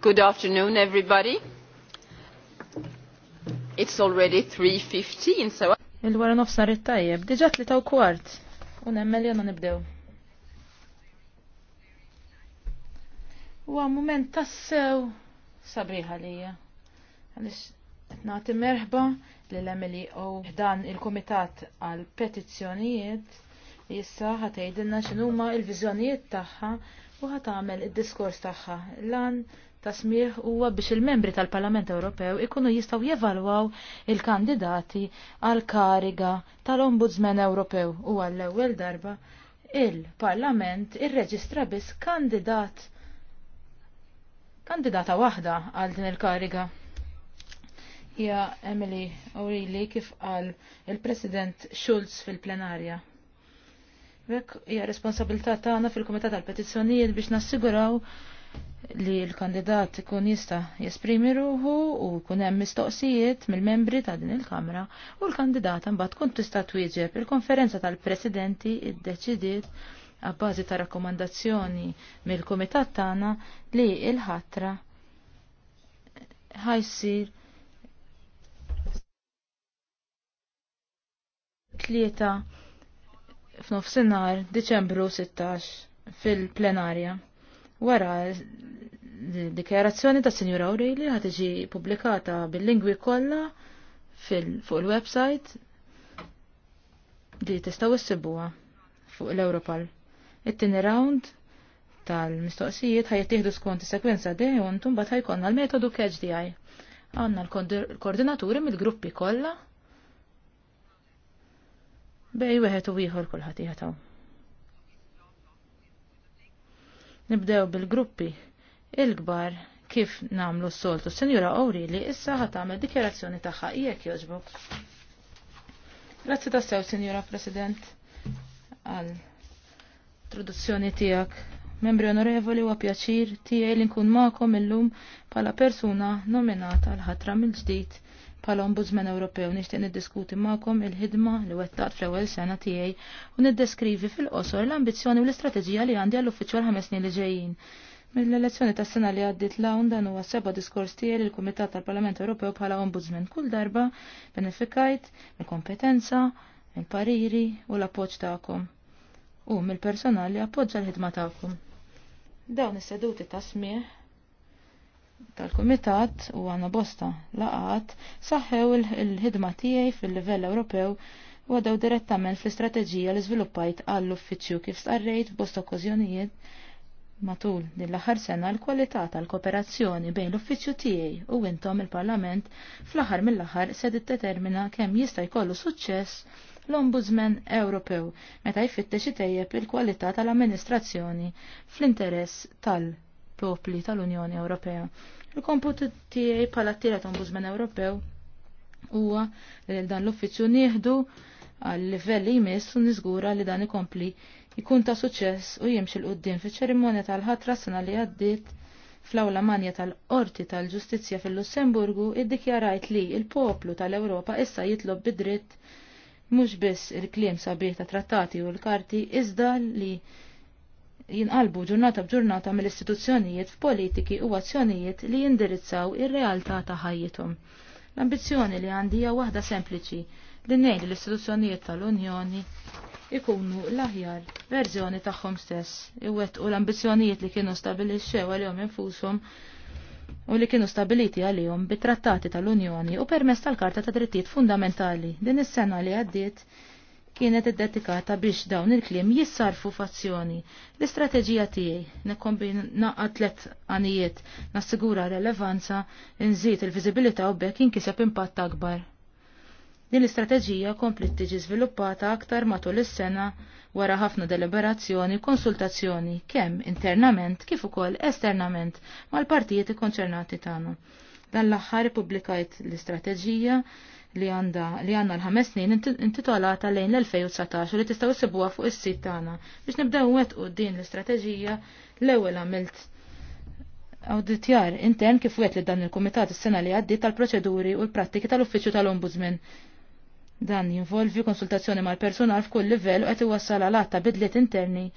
Good afternoon, everybody. It's already 3.15, so... Il-wara nofsar it-tajjeb, diġa li taw kwart, u nemmel nibdew. U moment tassew sabriħa lija. Għalix, nati merħba li l-emili u dan il-komitat għal petizzjonijiet jissa ħatajdilna xinuma il-vizjonijiet taħħa u ħatamel il-diskors taħħa. Lan ta' smieħ huwa biex il-membri tal-Parlament Ewropew ikunu jistaw jevalwaw il-kandidati għal kariga tal-Ombudsman Ewropew u għall-ewwel darba il-Parlament irreġistra biss kandidat kandidata waħda għal din il-kariga. Ja Emily O'Reilly kif qal il-President Schulz fil-plenarja. Vek hija responsabilità tagħna fil komitat tal-Petizzjonijiet biex nassiguraw li l-kandidat ikun jista' jesprimi ruħu u jkun hemm mistoqsijiet mill-membri ta' din il-Kamra u l-kandidat mbagħad tkun tista' twieġeb il-konferenza tal-presidenti iddeċidiet għabbażi ta' rakkomandazzjoni mill-kumitat tagħna li l-ħatra ħajsir tlieta f'nofsinhar Diċembru 16 fil-plenarja. Wara dikjarazzjoni ta' Sinjura O'Reilly ħat iġi publikata bil-lingwi kollha fuq il-website li tistgħu issibuha fuq l-Europal. It-tieni round tal-mistoqsijiet ħajtieħdu skont is-sekwenza dejjem mbagħad ħajkonna l-metodu catch DI. Għandna l-koordinaturi mill-gruppi kollha bej weħed u ieħor kulħadd jetaw. Nibdew bil-gruppi il-kbar kif namlu s-soltu. Senjura li issa ħatamel dikjerazzjoni taħħa ijek joġbok. Grazzi ta' sew, Senjura President, għal traduzzjoni tijak. Membri onorevoli u pjaċir tijaj li nkun il illum pala persuna nominata l-ħatra mill-ġdijt Pal Ombudsman Ewropew nixtieq niddiskuti magħkom il-ħidma li wettaqt fl-ewwel sena tiegħi u niddeskrivi fil-qosor l-ambizzjoni u l-istrateġija li għandi għall-uffiċċju ħames snin li ġejjin. Mill-elezzjoni tas sena li għaddit lawn dan huwa seba' diskors tiegħi il kumitat tal-Parlament Ewropew bħala Ombudsman kull darba benefikajt mill-kompetenza, mill-pariri u l-appoġġ tagħkom u mill-personal li appoġġa l-ħidma tagħkom. Dawn is-seduti ta' smieħ tal-Kumitat u għana bosta laqat saħħew il-ħidma tiegħi fil-livell Ewropew u għadaw direttament fl-istrateġija li żviluppajt għall-uffiċċju kif starrejt bosta okkożjonijiet matul din l-aħħar sena l-kwalità tal-kooperazzjoni bejn l-uffiċċju tiegħi u intom il-Parlament fl-aħħar mill-aħħar se determina kemm jista' jkollu suċċess l-Ombudsman Ewropew meta jfittex itejjeb il-kwalità tal-amministrazzjoni fl-interess tal popli tal-Unjoni Ewropea. Il-komput tiegħi bħala tielet Ombudsman Ewropew huwa li dan l-uffiċċju nieħdu għal livelli jmiss u niżgura li dan ikompli jkun ta' suċċess u jimxi l-qudiem fiċ-ċerimonja tal-ħatra sena li għaddiet fl-awla manja tal-Qorti tal-Ġustizzja fil-Lussemburgu iddikjarajt li il-poplu tal-Ewropa issa jitlob bidritt mhux biss il-kliem sabiħ ta' trattati u l-karti iżda li jinqalbu ġurnata b'ġurnata mill-istituzzjonijiet f'politiki u azzjonijiet li jindirizzaw ir-realtà ta' ħajjithom. L-ambizzjoni li għandi hija waħda sempliċi li ngħid l-istituzzjonijiet tal-Unjoni ikunu l-aħjar verżjoni tagħhom stess, iwettqu l-ambizzjonijiet li kienu stabilixxew għalihom infushom u li kienu stabiliti għalihom bit-trattati tal-Unjoni u permess tal-Karta ta' Drittijiet Fundamentali din is-sena li għaddiet kienet id-dedikata biex dawn il-kliem jissarfu fazzjoni. L-istrateġija tiegħi nekkombin naqqa tlet għanijiet nassigura relevanza, nżid il vizibilita u bekk jinkiseb impatt akbar. Din l-istrateġija komplet tiġi żviluppata aktar matul is-sena wara ħafna deliberazzjoni u konsultazzjoni kemm internament kif ukoll esternament mal-partijiet ikkonċernati tagħna. Dan l-aħħar ippubblikajt l-istrateġija li għanda li għanna l-ħames snin intitolata lejn l-2019 li tistgħu issibuha fuq is-sit tagħna. Biex nibdew u din l-istrateġija l-ewwel għamilt awditjar intern kif wet li dan il-kumitat is-sena li għaddiet tal-proċeduri u l-prattiki tal-uffiċċju tal-Ombudsman. Dan jinvolvi konsultazzjoni mal-personal f'kull livell u qed iwassal għal ta' bidliet interni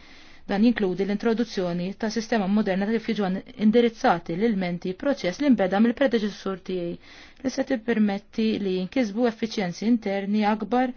Dan jinkludi l-introduzzjoni ta' sistema moderna ta' kif jiġu indirizzati l-ilmenti proċess li nbeda mill-predeċessur tiegħi li se tippermetti li jinkisbu effiċjenzi interni akbar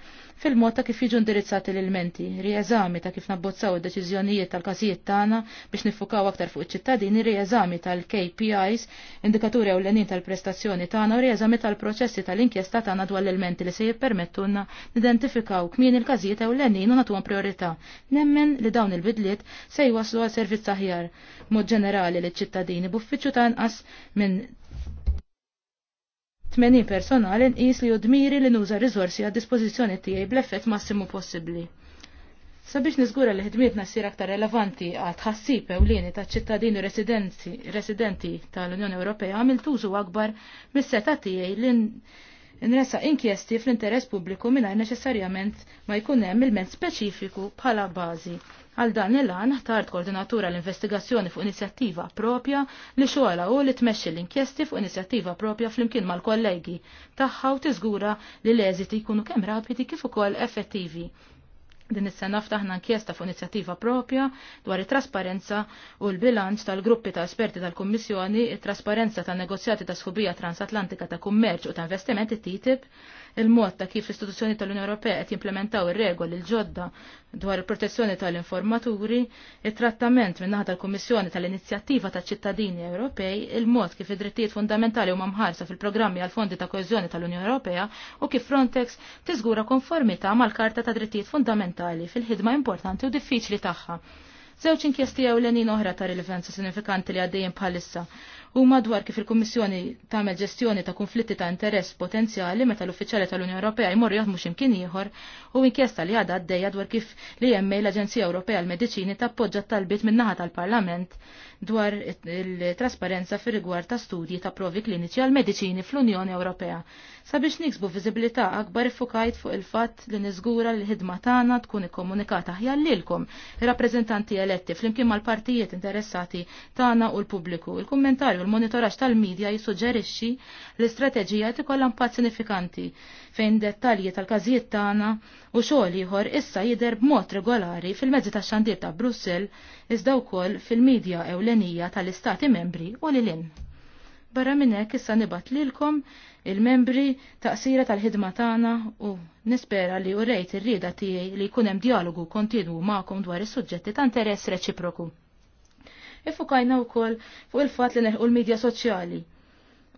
fil-mod ta' kif jiġu indirizzati l-elementi, rieżami ta' kif nabbozzaw id-deċiżjonijiet tal-każijiet tagħna biex nifukaw aktar fuq iċ-ċittadini, rieżami tal-KPIs, indikaturi ewlenin tal-prestazzjoni tagħna u rieżami tal-proċessi tal-inkjesta tagħna dwar l-elementi li se jippermettuna nidentifikaw kmin il-każijiet ewlenin u nagħtuhom priorità. Nemmen li dawn il-bidliet se jwaslu għal servizz aħjar mod ġenerali li ċittadini b'uffiċċju tanqas minn 80 personali nqis li jodmiri li nuża rizorsi għad dispożizzjoni tiegħi bl-effett massimu possibbli. Sabiex niżgura li ħidmietna ssir aktar relevanti għal tħassib ewlieni ta' ċittadini residenti tal-Unjoni Ewropea għamil tużu akbar mis-seta tiegħi li nresa inkjesti fl-interess pubbliku mingħajr neċessarjament ma jkun hemm il-ment speċifiku bħala bażi Għal dan il-għan ħtart koordinatura l-investigazzjoni fuq inizjattiva propja li xoħla u li tmexxi l-inkjesti fuq inizjattiva propja flimkien mal-kollegi tagħha u tiżgura li l-eżiti jkunu kemm rapidi kif ukoll effettivi. Din is-sena ftaħna inkjesta fuq inizjattiva propja dwar it-trasparenza u l-bilanċ tal-gruppi ta' esperti tal-Kummissjoni, it-trasparenza tan negozjati ta' sħubija transatlantika ta' kummerċ u ta' investimenti TTIP, il-mod ta' kif l-istituzzjoni tal-Unjoni Ewropea qed jimplementaw ir-regoli l-ġodda dwar il-protezzjoni tal-informaturi, it-trattament minn naħa tal-Kummissjoni tal-Inizjattiva ta' ċittadini Ewropej, il-mod kif id-drittijiet fundamentali huma mħarsa fil-programmi għal fondi ta' koeżjoni tal-Unjoni Ewropea u kif Frontex tiżgura konformità mal-Karta ta' Drittijiet Fundamentali fil-ħidma importanti u diffiċli tagħha. Zewċ inkjesti jew l-enin oħra ta' rilevanza sinifikanti li għaddejjem bħalissa u madwar kif il-Kummissjoni tagħmel ġestjoni ta' konflitti ta' interess potenzjali meta l-uffiċjali tal-Unjoni Ewropea jmorru jaħdmu imkien ieħor u inkjesta li għadha għaddejja dwar kif li jemmej l-Aġenzija Ewropea għall mediċini tappoġġa talbiet min-naħa tal-Parlament dwar il-trasparenza fir rigward ta' studji ta' provi kliniċi għal mediċini fl-Unjoni Ewropea. Sabiex niksbu viżibilità akbar ifukajt fuq il-fatt li niżgura li ħidma tagħna tkun ikkomunikata aħjar lilkom, rappreżentanti eletti flimkien mal-partijiet interessati tagħna u l-pubbliku. Il-kummentarju l monitoraġġ tal-medja jissuġġerixxi l-istrateġija tikollha impatt sinifikanti fejn dettalji tal-każijiet tagħna u xogħol ieħor issa jidher b'mod regolari fil-mezzi tax-xandir ta' Brussell iżda wkoll fil-medja ewlenija tal-Istati membri u lil lilin. Barra minn hekk issa nibgħat lilkom il-membri taqsira tal-ħidma tagħna u nispera li urejt ir-rieda tiegħi li jkun hemm dialogu kontinwu magħkom dwar is-suġġetti ta' interess reċiproku. Ifukajna wkoll fuq il-fatt li neħqu l-medja soċjali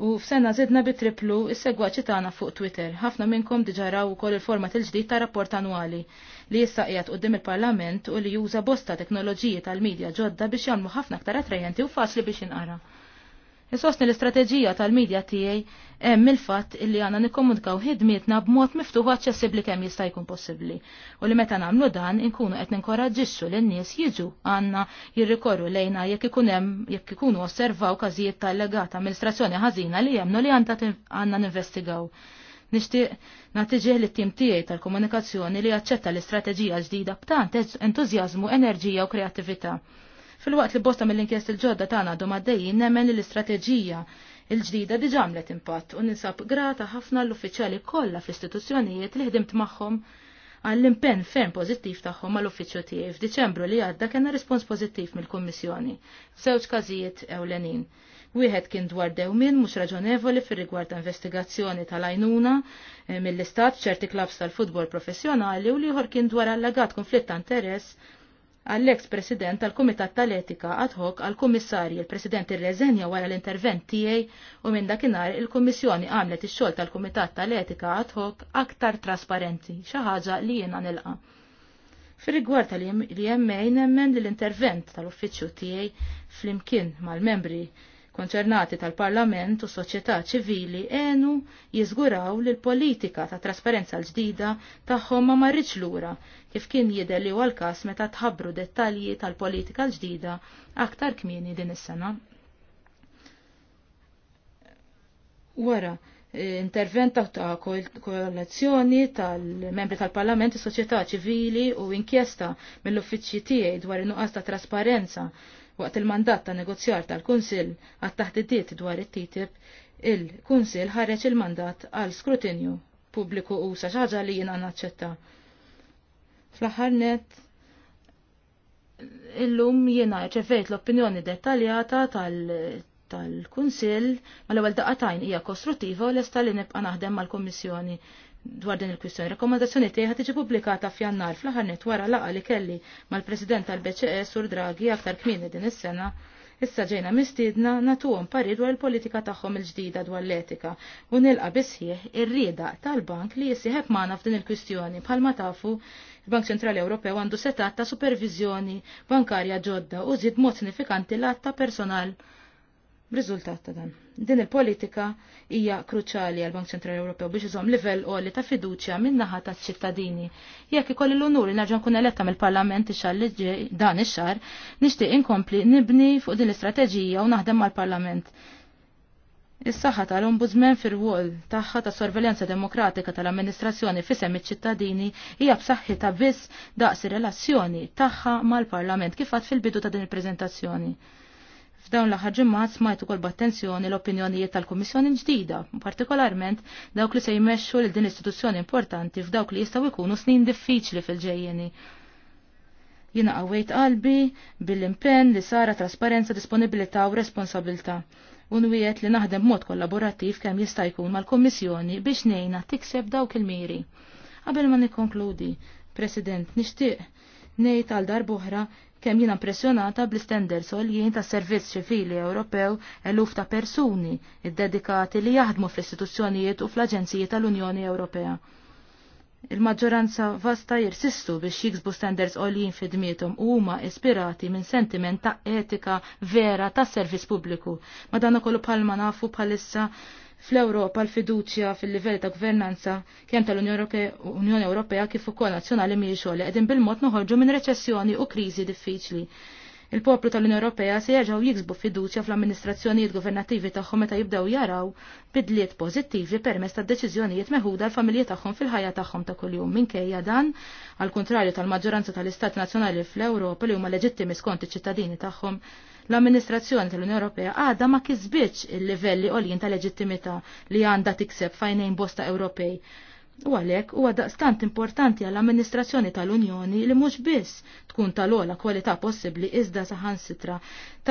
U f'sena zidna bitriplu is-segwaċi tagħna fuq Twitter. Ħafna minnkom diġaraw ukoll il-format il-ġdid ta' rapport annwali li issa qiegħed quddiem il-Parlament u li juża bosta teknoloġiji tal-medja ġodda biex jagħmlu ħafna aktar attrajenti u faċli biex inqara. Isostni l-istrateġija tal-medja tiegħi hemm il-fatt illi għandna nikkomunikaw ħidmietna b'mod miftuħ aċċessibbli kemm jista' jkun possibbli. U li meta nagħmlu dan inkunu qed ninkoraġġixxu lin nies jiġu għandna jirrikorru lejna jekk ikun hemm jekk ikunu osservaw każijiet tal-legata amministrazzjoni ħażina li jemnu li għandna ninvestigaw. Nixtieq natiġeħ li tim tiegħi tal-komunikazzjoni li aċċetta l-istrateġija ġdida b'tant entużjażmu, enerġija u kreattività. Fil-waqt li bosta mill-inkjest il-ġodda tagħna għadhom għaddejjin nemmen li l-istrateġija il-ġdida diġa għamlet impatt u ninsab grata ħafna l-uffiċjali kollha fl-istituzzjonijiet li ħdimt magħhom għall-impenn ferm pożittiv tagħhom għall uffiċċju tiegħi f'Diċembru li għadda kellna rispons pożittiv mill-Kummissjoni. F'żewġ każijiet ewlenin. Wieħed kien dwar dewmin mhux raġonevoli fir-rigward investigazzjoni tal-għajnuna eh, mill-istat ċerti klabs tal-futbol professjonali u liħor kien dwar allegat konflitt ta' interess għall-eks president tal-Kumitat tal-Etika ad hoc għall-Kummissarji il-President irreżenja wara l-intervent tiegħi u minn dakinhar il-Kummissjoni għamlet ix-xogħol tal-Kumitat tal-Etika ad hoc aktar trasparenti, xi ħaġa li jiena nilqa. Fir-rigward tal-IMA e, nemmen li l-intervent tal-uffiċċju tiegħi flimkien mal-membri konċernati tal-Parlament u soċjetà ċivili għenu jiżguraw li l-politika ta' trasparenza l-ġdida tagħhom ma marriċ lura kif kien jidher li huwa l-każ meta tħabbru dettalji tal-politika l-ġdida aktar kmieni din is-sena. Wara, intervent ta' koalizzjoni tal-membri tal-Parlament, is-soċjetà ċivili u inkjesta mill-uffiċċji tiegħi dwar in-nuqqas ta' trasparenza Waqt il-mandat ta' negozjar tal-Kunsill għat taħdidiet dwar it titib il-Kunsill ħareġ il-mandat għal skrutinju pubbliku u sa ħaġa li jiena naċċetta. Fl-aħħar net illum jiena ċefejt l-opinjoni dettaljata tal- tal-Kunsill ma l għal daqqatajn hija kostruttiva u lesta li nibqa' naħdem mal-Kummissjoni dwar din il-kwistjoni. Rakkomandazzjoni tiegħi tiġi pubblikata f'Jannar fl-aħħar net wara laqgħa li kelli mal-President tal-BCE Sur Draghi aktar kmieni din is-sena. Issa ġejna mistiedna natuhom pari dwar il-politika tagħhom il-ġdida dwar l-etika u nilqa' bisħieħ ir-rieda tal-bank li jisieħeb magħna f'din il-kwistjoni bħalma tafu il-Bank Ċentrali Ewropew għandu setat ta' supervizjoni bankarja ġodda u żied mod sinifikanti l-att ta' personal B'riżultat ta' dan. Din il-politika hija kruċali għal Bank Ċentrali Ewropew biex iżom livell qoli ta' fiduċja min-naħa taċ-ċittadini. Jekk ikolli l unuri li nerġa' nkun eletta mill-Parlament ix-xahar li ġej dan ix-xahar, nixtieq inkompli nibni fuq din l-istrateġija u naħdem mal-Parlament. Is-saħħa tal-Ombudsman fir-wol tagħha ta' sorveljanza demokratika tal-amministrazzjoni fisem iċ-ċittadini hija ta' biss daqs ir-relazzjoni tagħha mal-Parlament kif għad fil-bidu ta' din il-preżentazzjoni F'dawn l-aħħar ġimgħat smajt ukoll b'attenzjoni l-opinjonijiet tal-Kummissjoni ġdida, partikolarment dawk li se jmexxu lil din istituzzjoni importanti f'dawk li jistgħu jkunu snin diffiċli fil-ġejjeni. Jina għawajt qalbi bil-impenn li sara trasparenza, disponibilità u responsabilità. Unwiet li naħdem mod kollaborattiv kemm jista' jkun mal-Kummissjoni biex ngħinha tikseb dawk il-miri. Qabel ma nikkonkludi, President, nixtieq ngħid għal darbohra kemm jiena impressjonata bl-istenders l-jien ta' servizz ċivili Ewropew eluf ta' persuni id-dedikati li jaħdmu fl-istituzzjonijiet u fl-aġenzijiet tal-Unjoni Ewropea il-maġġoranza vasta jirsistu biex jiksbu standards għoljin fidmietum u huma ispirati minn sentiment ta' etika vera ta' servis pubbliku. Madana kollu palma nafu palissa fl-Ewropa l-fiduċja fil-livell ta' gvernanza kemm tal-Unjoni Ewropea kif ukoll nazzjonali mhijiex xogħol qegħdin bil-mod noħorġu minn reċessjoni u kriżi diffiċli. Il-poplu tal-Unjoni Ewropea se jerġgħu jiksbu fiduċja fl-amministrazzjonijiet governattivi tagħhom meta jibdew jaraw bidliet pożittivi permezz ta' deċiżjonijiet meħuda l-familji tagħhom fil-ħajja tagħhom ta' kuljum. Minkejja dan, għal kuntrarju tal-maġġoranza tal-Istati Nazzjonali fl-Ewropa li huma leġittimi skont iċ-ċittadini tagħhom, L-amministrazzjoni tal-Unjoni Ewropea għadha ma kisbitx il-livelli għoljin ta' leġittimità li għandha tikseb fajnejn bosta Ewropej. U għalhekk huwa daqstant importanti għall-amministrazzjoni tal-Unjoni li mhux biss tkun tal għola kwalità possibbli iżda saħansitra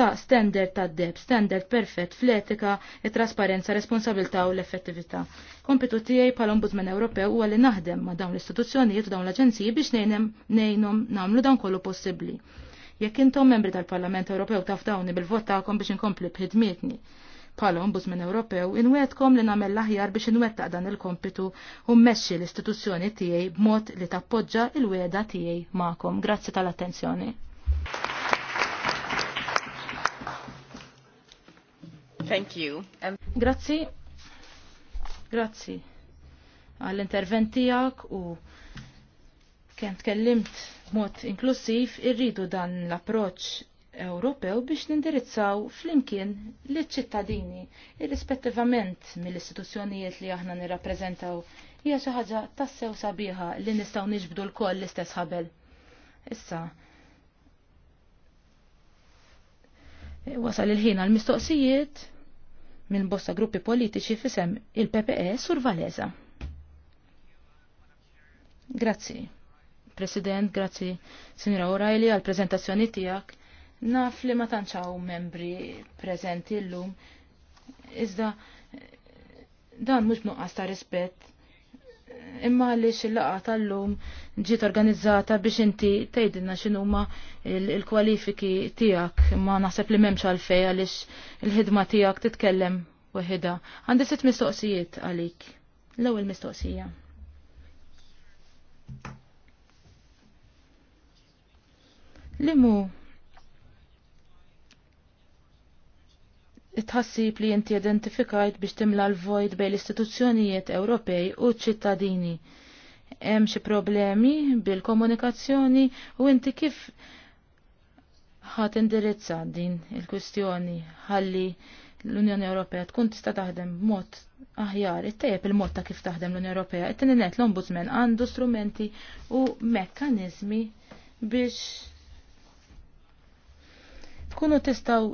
ta' standard ta' deb, standard perfett fl-etika, e trasparenza responsabilità u l-effettività. Kompitu tiegħi pal ombudsman Ewropew huwa li naħdem ma' dawn l-istituzzjonijiet u dawn l-aġenziji biex ngħinhom nagħmlu dawn kollu possibbli. Jekk intom membri tal-Parlament Ewropew dawni bil-vot biex inkompli b'ħidmietni bħala Ombudsman Ewropew, inwetkom li nagħmel l-aħjar biex inwettaq dan il-kompitu u mmexxi l-istituzzjoni tiegħi b'mod li tappoġġa il-weda tiegħi magħkom. Grazzi tal-attenzjoni. Thank you. Um... Grazzi. Grazzi għall-intervent tiegħek u kemm tkellimt mod inklusiv irridu dan l-approċ Ewropew biex nindirizzaw flimkien li ċittadini irrispettivament mill-istituzzjonijiet li aħna nirrappreżentaw hija xi ħaġa tassew sabiħa li nistgħu niġbdu lkoll l-istess ħabel. Issa. Wasal il-ħin għal mistoqsijiet minn bosta gruppi politiċi fisem il-PPE Sur Valeza. Grazzi. President, grazzi Signora O'Reilly għal prezentazzjoni tijak. Naf li ma tanċaw membri prezenti l-lum. Iżda dan mux nuqqas ta' rispett imma li xil-laqa tal-lum ġiet organizzata biex inti tgħidilna x'inhuma l-kwalifiki tiegħek imma naħseb li m'hemmx fej għaliex il-ħidma tiegħek titkellem weħida. Għandi sitt mistoqsijiet għalik. L-ewwel mistoqsija. li mu tħassib li inti identifikajt biex timla l-vojt bej l-istituzzjonijiet Ewropej u ċittadini. Hemm xi problemi bil-komunikazzjoni u inti kif ħat indirizza din il-kwistjoni ħalli l-Unjoni Ewropea tkun tista' taħdem b'mod aħjar, ittejjeb il-mod ta' kif taħdem l-Unjoni Ewropea. it tinet l-Ombudsman għandu strumenti u mekkaniżmi biex tkunu tistaw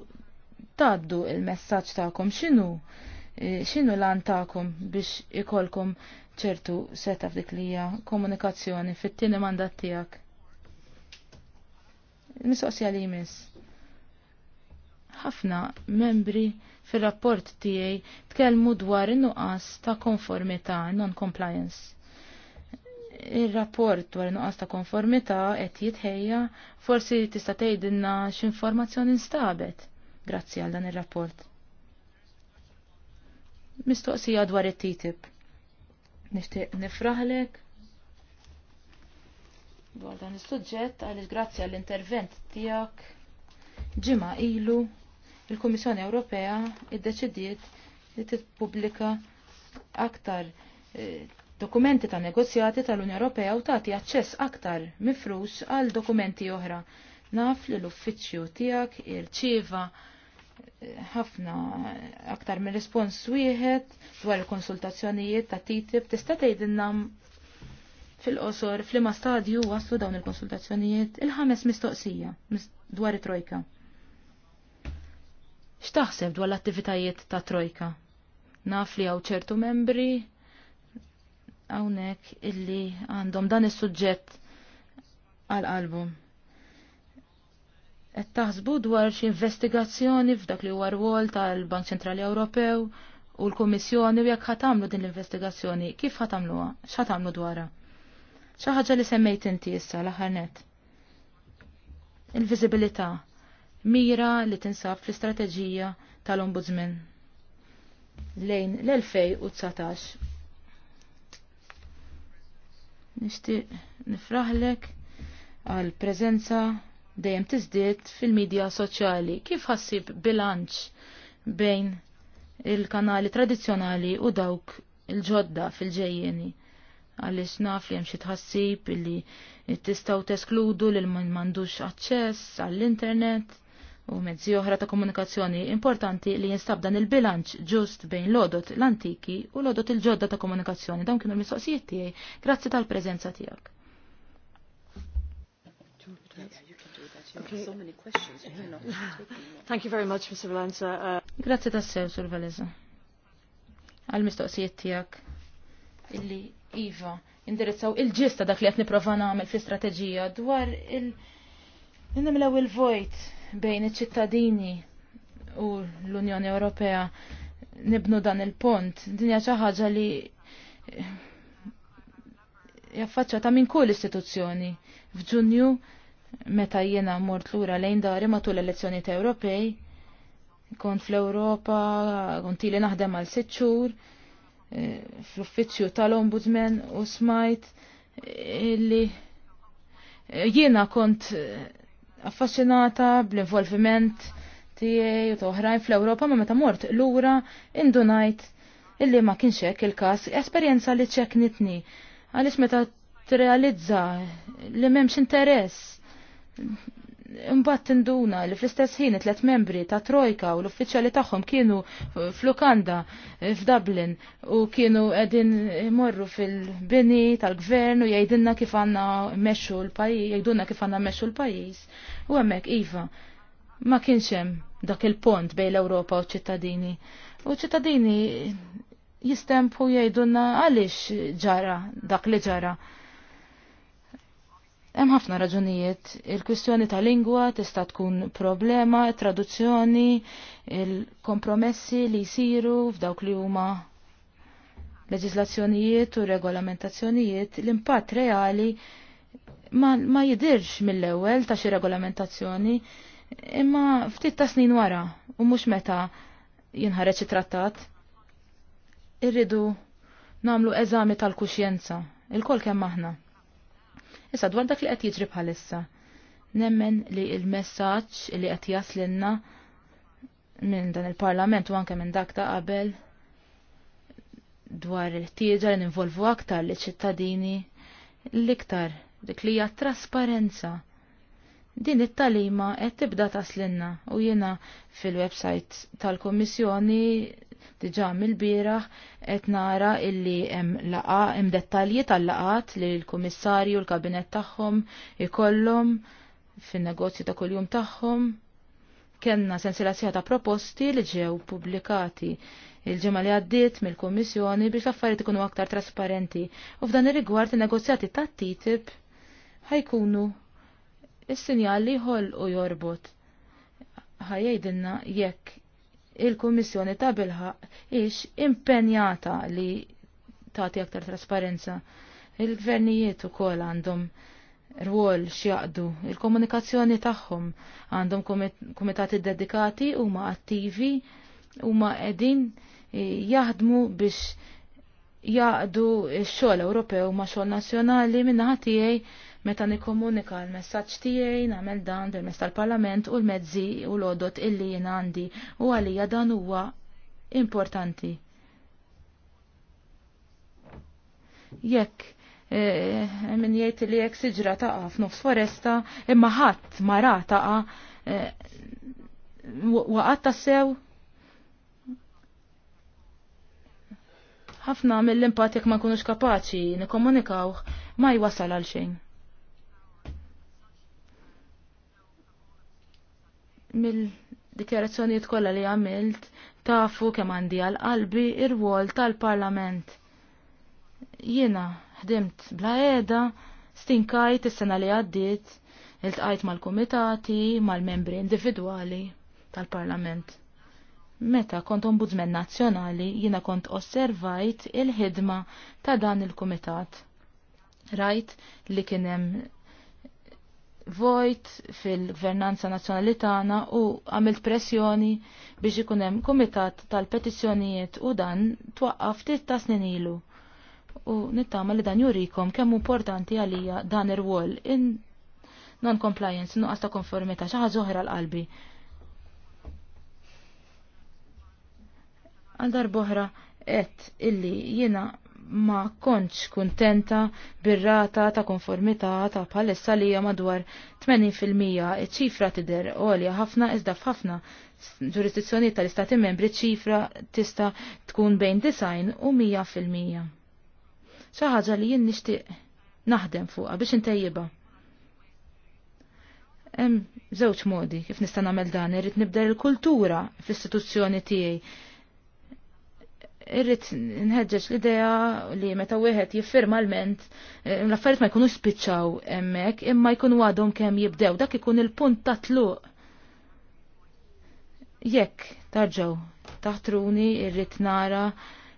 taddu il-messaġġ tagħkom x'inhu e, x'inhu lan ta'kom biex ikolkom ċertu seta f'dik li hija komunikazzjoni fit-tieni mandat tiegħek. Nisoqsija li jmiss. Ħafna membri fir-rapport tiegħi tkellmu dwar in-nuqqas ta' konformità non-compliance il-rapport dwar nuqqas ta' konformità qed jitħejja, forsi tista' tgħidilna x'informazzjoni nstabet grazzi għal dan ir-rapport. Mistoqsija dwar it-TTIP. Nixtieq nifraħlek dwar dan is-suġġett għaliex grazzi għall intervent tiegħek ġimgħa ilu il-Kummissjoni Ewropea iddeċidiet li tippubblika aktar eh, dokumenti ta' negozjati tal-Unja Ewropea u tagħti aċċess aktar mifrux għal dokumenti oħra. Naf li l-uffiċċju tiegħek irċieva eh, ħafna aktar minn rispons wieħed dwar il-konsultazzjonijiet ta' TTIP tista' tgħidilna fil-qosor fl stadju waslu dawn il-konsultazzjonijiet il-ħames mistoqsija dwar it-trojka. X'taħseb dwar l-attivitajiet ta' trojka? Naf li hawn ċertu membri hawnhekk illi għandhom dan is-suġġett għal qalbu. Et taħsbu dwar xi investigazzjoni f'dak li huwa rwol tal-Bank Ċentrali Ewropew u l-Kummissjoni u jekk ħatamlu din l-investigazzjoni, kif ħatamluha? X'ħatamlu dwarha? Xi ħaġa li semmejt inti issa l-aħħar net. Il-viżibilità mira li tinsab fl-istrateġija tal-Ombudsman lejn l-2019 Nixtieq nifraħlek għal preżenza dejjem tizdiet fil-medja soċjali. Kif ħassib bilanċ bejn il-kanali tradizzjonali u dawk il-ġodda fil-ġejjeni? għalix naf li jemxie tħassib li tistaw teskludu li l-man mandux access għall-internet u mezzi oħra ta' komunikazzjoni importanti li jinstab dan il-bilanċ ġust bejn lodot l-antiki u lodot il-ġodda ta' komunikazzjoni. Dawn kienu l-mistoqsijiet tiegħi grazzi tal-preżenza tiegħek. Thank you very much, Mr. Valenza. Uh, grazzi tassew, Sur Valenza. Għal-mistoqsijiet tijak illi Iva indirizzaw il-ġista dak li għet niprofa namel fi strategija dwar il- Ninnimlaw il-vojt bejn iċ-ċittadini u l-Unjoni Ewropea nibnu dan il-pont. Dinja xi ħaġa li jaffaċċa ta' minn kull istituzzjoni. F'Ġunju meta jiena mort lura lejn dari matul l-elezzjoni ta' Ewropej, kont fl-Ewropa, kont ili naħdem għal sitt xhur eh, fl-uffiċċju tal-Ombudsman u smajt li jiena kont eh, affaxxinata bl-involviment tiegħi u toħrajn fl-Ewropa ma meta mort lura indunajt illi ma kienx hekk il-każ esperjenza li ċeknitni għaliex meta tirrealizza li m'hemmx interess Imbatt tinduna li fl-istess ħin tlet membri ta' Trojka u l-uffiċjali tagħhom kienu fl f'Dublin u kienu qegħdin morru fil-bini tal-gvern u jgħidilna kif għandna mexxu l-pajjiż, jgħidulna kif għandna mexxu l-pajjiż. U hemmhekk iva ma kienx hemm dak il-pont bejn l-Ewropa u ċittadini. U ċittadini jistempu jgħidulna għaliex ġara dak li ġara. Hemm ħafna raġunijiet. Il-kwistjoni ta' lingwa tista' tkun problema, traduzzjoni, il-kompromessi li jsiru f'dawk li huma leġislazzjonijiet u regolamentazzjonijiet, l-impatt reali ma, ma jidirx mill-ewwel ta' xi regolamentazzjoni imma ftit ta' snin wara u mhux meta jinħareġ trattat. Irridu nagħmlu eżami tal-kuxjenza, il-kol kemm aħna. Issa dwar dak li qed jiġri bħalissa. Nemmen li il-messaġġ li qed jaslinna minn dan il-Parlament u anke minn dak ta' qabel dwar il-ħtieġa li ninvolvu aktar li ċittadini l-iktar dik li hija trasparenza. Din it-talima qed tibda taslinna u jiena fil-website tal-Kummissjoni Diġà mill-bieraħ qed nara illi hemm laqa hemm dettalji tal-laqat li l-kummissarju l-kabinet tagħhom ikollhom fin-negozju ta' kuljum tagħhom. Kenna sensila ta' proposti li ġew pubblikati il-ġemma li għaddiet mill kummissjoni biex l-affarijiet ikunu aktar trasparenti u f'dan ir-rigward in-negozjati ta' TTIP ħajkunu is-sinjal li u jorbot. Ħajjejdilna jekk il-Kummissjoni ta' bilħaq ix impenjata li tagħti aktar trasparenza. Il-gvernijiet ukoll għandhom rwol x'jaqdu, il-komunikazzjoni tagħhom għandhom kumitati dedikati huma attivi huma qegħdin e, jaħdmu biex jaqdu x-xogħol Ewropew ma' xogħol nazzjonali minna tiegħi Meta nikkomunika l-messaġġ tiegħi nagħmel dan bil tal-Parlament u l-mezzi u l-għodot illi jien għandi u għalija dan huwa importanti. Jekk e, min jgħid li jekk siġra taqa' f'nofs foresta imma ħadd mara taqa' e, waqgħat tassew ħafna mill-impatt jekk ma nkunux kapaċi nikkomunikaw ma jwasal għal xejn. mill dikjarazzjoniet kollha li għamilt tafu kemm għandi għal qalbi ir-wol tal-Parlament. Jiena ħdimt bla qiegħda, stinkajt is-sena li għaddiet, iltqajt mal-kumitati, mal-membri individwali tal-Parlament. Meta kont ombudsman nazzjonali jiena kont osservajt il-ħidma ta' dan il-kumitat. Rajt li kienem vojt fil-gvernanza nazzjonali tagħna u għamilt pressjoni biex ikun hemm kumitat tal-petizzjonijiet u dan twaqqaf ftit ta' snin ilu. U nittama li dan jurikom kemm importanti għalija dan ir-wol in non-compliance, nuqqas ta' konformità, xi ħaġa oħra l-qalbi. Għal boħra et illi jiena ma kontx kuntenta bir-rata ta' konformità ta' palessa li madwar 80% iċ-ċifra tider għolja ħafna iżda f'ħafna ġurisdizzjoni tal-istati membri ċifra tista' tkun bejn design u 100%. Xi ħaġa li jien nixtieq naħdem fuqha biex intejjibha. Hemm żewġ modi kif nista' nagħmel dan, irrid nibder il-kultura fl-istituzzjoni tiegħi irrit nħedġeġ l-idea li meta wieħed jiffirma l-ment, eh, l-affarijiet ma jkunux spiċċaw hemmhekk, imma jkunu għadhom kemm jibdew, dak ikun il-punt ta' tluq. Jekk tarġaw taħtruni irrit nara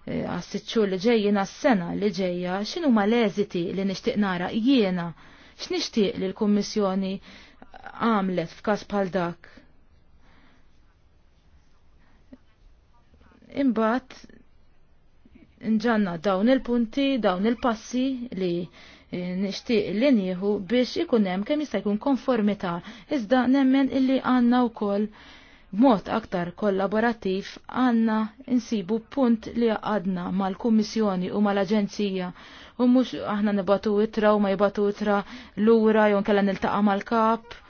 eh, għas li ġejjin għas-sena li ġejja xinu ma leżiti li nixtieq nara jiena x'nixtieq li l-Kummissjoni għamlet f'każ bħal dak. Imbagħad nġanna dawn il-punti, dawn il-passi li eh, nixtieq li nieħu biex ikun hemm kemm jista' jkun konformità iżda nemmen illi għandna wkoll b'mod aktar kollaborattiv għandna insibu punt li għadna mal-Kummissjoni u mal-Aġenzija u mhux aħna nibatu itra u ma jibatu itra lura jew kellha niltaqa' mal-kap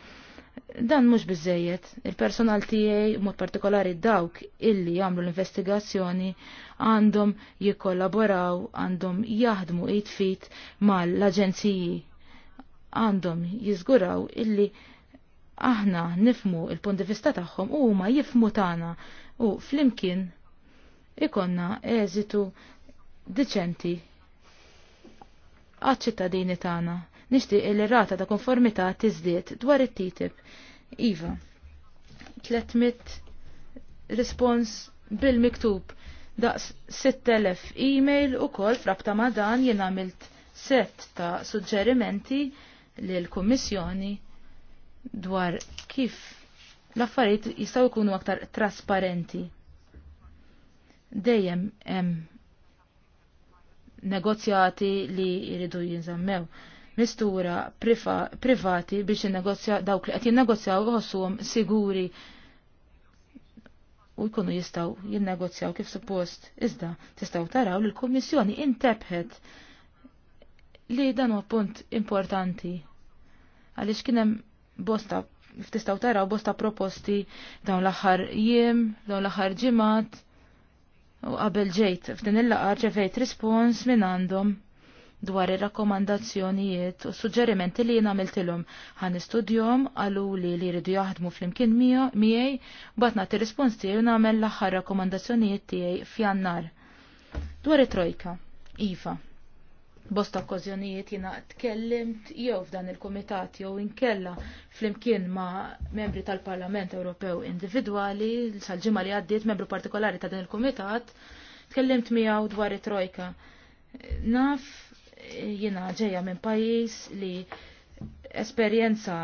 Dan mhux biżejjed, il-personal tiegħi mod partikolari dawk illi jagħmlu l-investigazzjoni għandhom jikkollaboraw, għandhom jaħdmu jitfit mal-aġenziji, għandhom jiżguraw illi aħna nifmu il-punt di vista tagħhom u huma jifmu tagħna u flimkien ikonna eżitu diċenti għaċ-ċittadini tagħna Nixtieq li rata ta' konformità tizdiet dwar it-TTIP. Iva, 300 respons bil-miktub daqs 6000 email u kol frabta ma' dan jien għamilt set ta' suġġerimenti lill-Kummissjoni dwar kif l-affarijiet jistgħu jkunu aktar trasparenti dejjem hemm negozjati li jridu jinżammew mistura privati biex jinnegozja dawk li qed jinnegozjaw iħossuhom siguri u jkunu jistaw jinnegozjaw kif suppost. Iżda tistgħu taraw li l-Kummissjoni intebħet li dan huwa punt importanti għaliex kien hemm bosta tistaw taraw bosta proposti dawn l-aħħar jiem, dawn l-aħħar ġimgħat. U qabel ġejt f'din il-laqar ġevejt rispons minn għandhom dwar ir-rakkomandazzjonijiet u suġġerimenti li jien għamiltilhom ħan istudjom għalu li li jridu jaħdmu flimkien miegħi bad nagħti rispons tiegħi nagħmel l-aħħar rakkomandazzjonijiet tiegħi f'jannar. Dwar it-trojka, iva. Bosta okkożjonijiet jiena tkellimt jew f'dan il-kumitat jew inkella flimkien ma' membri tal-Parlament Ewropew individwali sal-ġimgħa li għaddiet membru partikolari ta' dan il-kumitat tkellimt miegħu dwar it-trojka. Naf jina ġeja minn pajis li esperienza